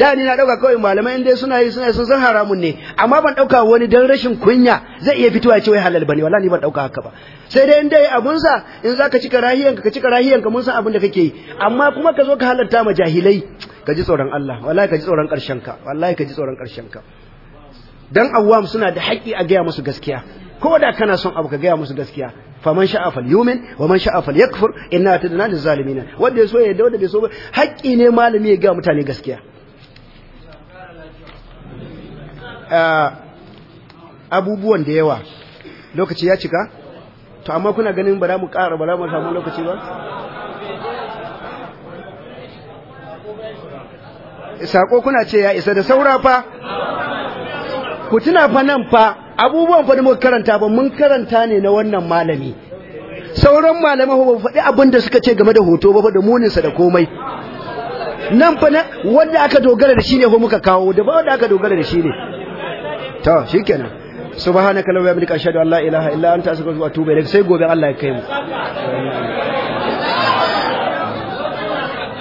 A: da ni na dauka kawai malamai inda suna yi suna sun san haramun ne amma ban dauka wani dan rashin kunya zai iya fitowa ya ce wai halal bane wallahi ban dauka haka ba sai dai ya dai abun sa in zaka cika rahiyan ka cika rahiyan ka mun san abin da kake yi amma kuma ka zo ka halarta ma jahilai ka ji tsoron Allah wallahi ka ji tsoron karshen ka wallahi ka ji tsoron karshen ka dan awwam suna da haƙƙi a gaya musu gaskiya ko da kana son abu ka gaya musu gaskiya faman sha'a fal yumin wa man sha'a fal yakfur inna tadna lil zalimin wanda yaso ya yadda wanda bai so ba haƙƙi ne malami ya gaya mutane gaskiya Eh, abubuwan da yawa lokaci ya cika to amma kuna ganin ba za mu ƙara ba za mu samu lokaci ba sako kuna ce ya isa da saura fa ku tuna fa nan fa abubuwan fa da muka karanta ba mun karanta ne na wannan malami sauran malaman ba faɗi abin da suka ce game da hoto ba da muninsa da komai nan fa wanda aka dogara da shi ne ko muka kawo da ba wanda aka dogara da shi ne to shikenan subhanaka allahumma wa bihamdika ashhadu an la ilaha illa anta astaghfiruka wa atubu ilaik sai gobe Allah ya kai mu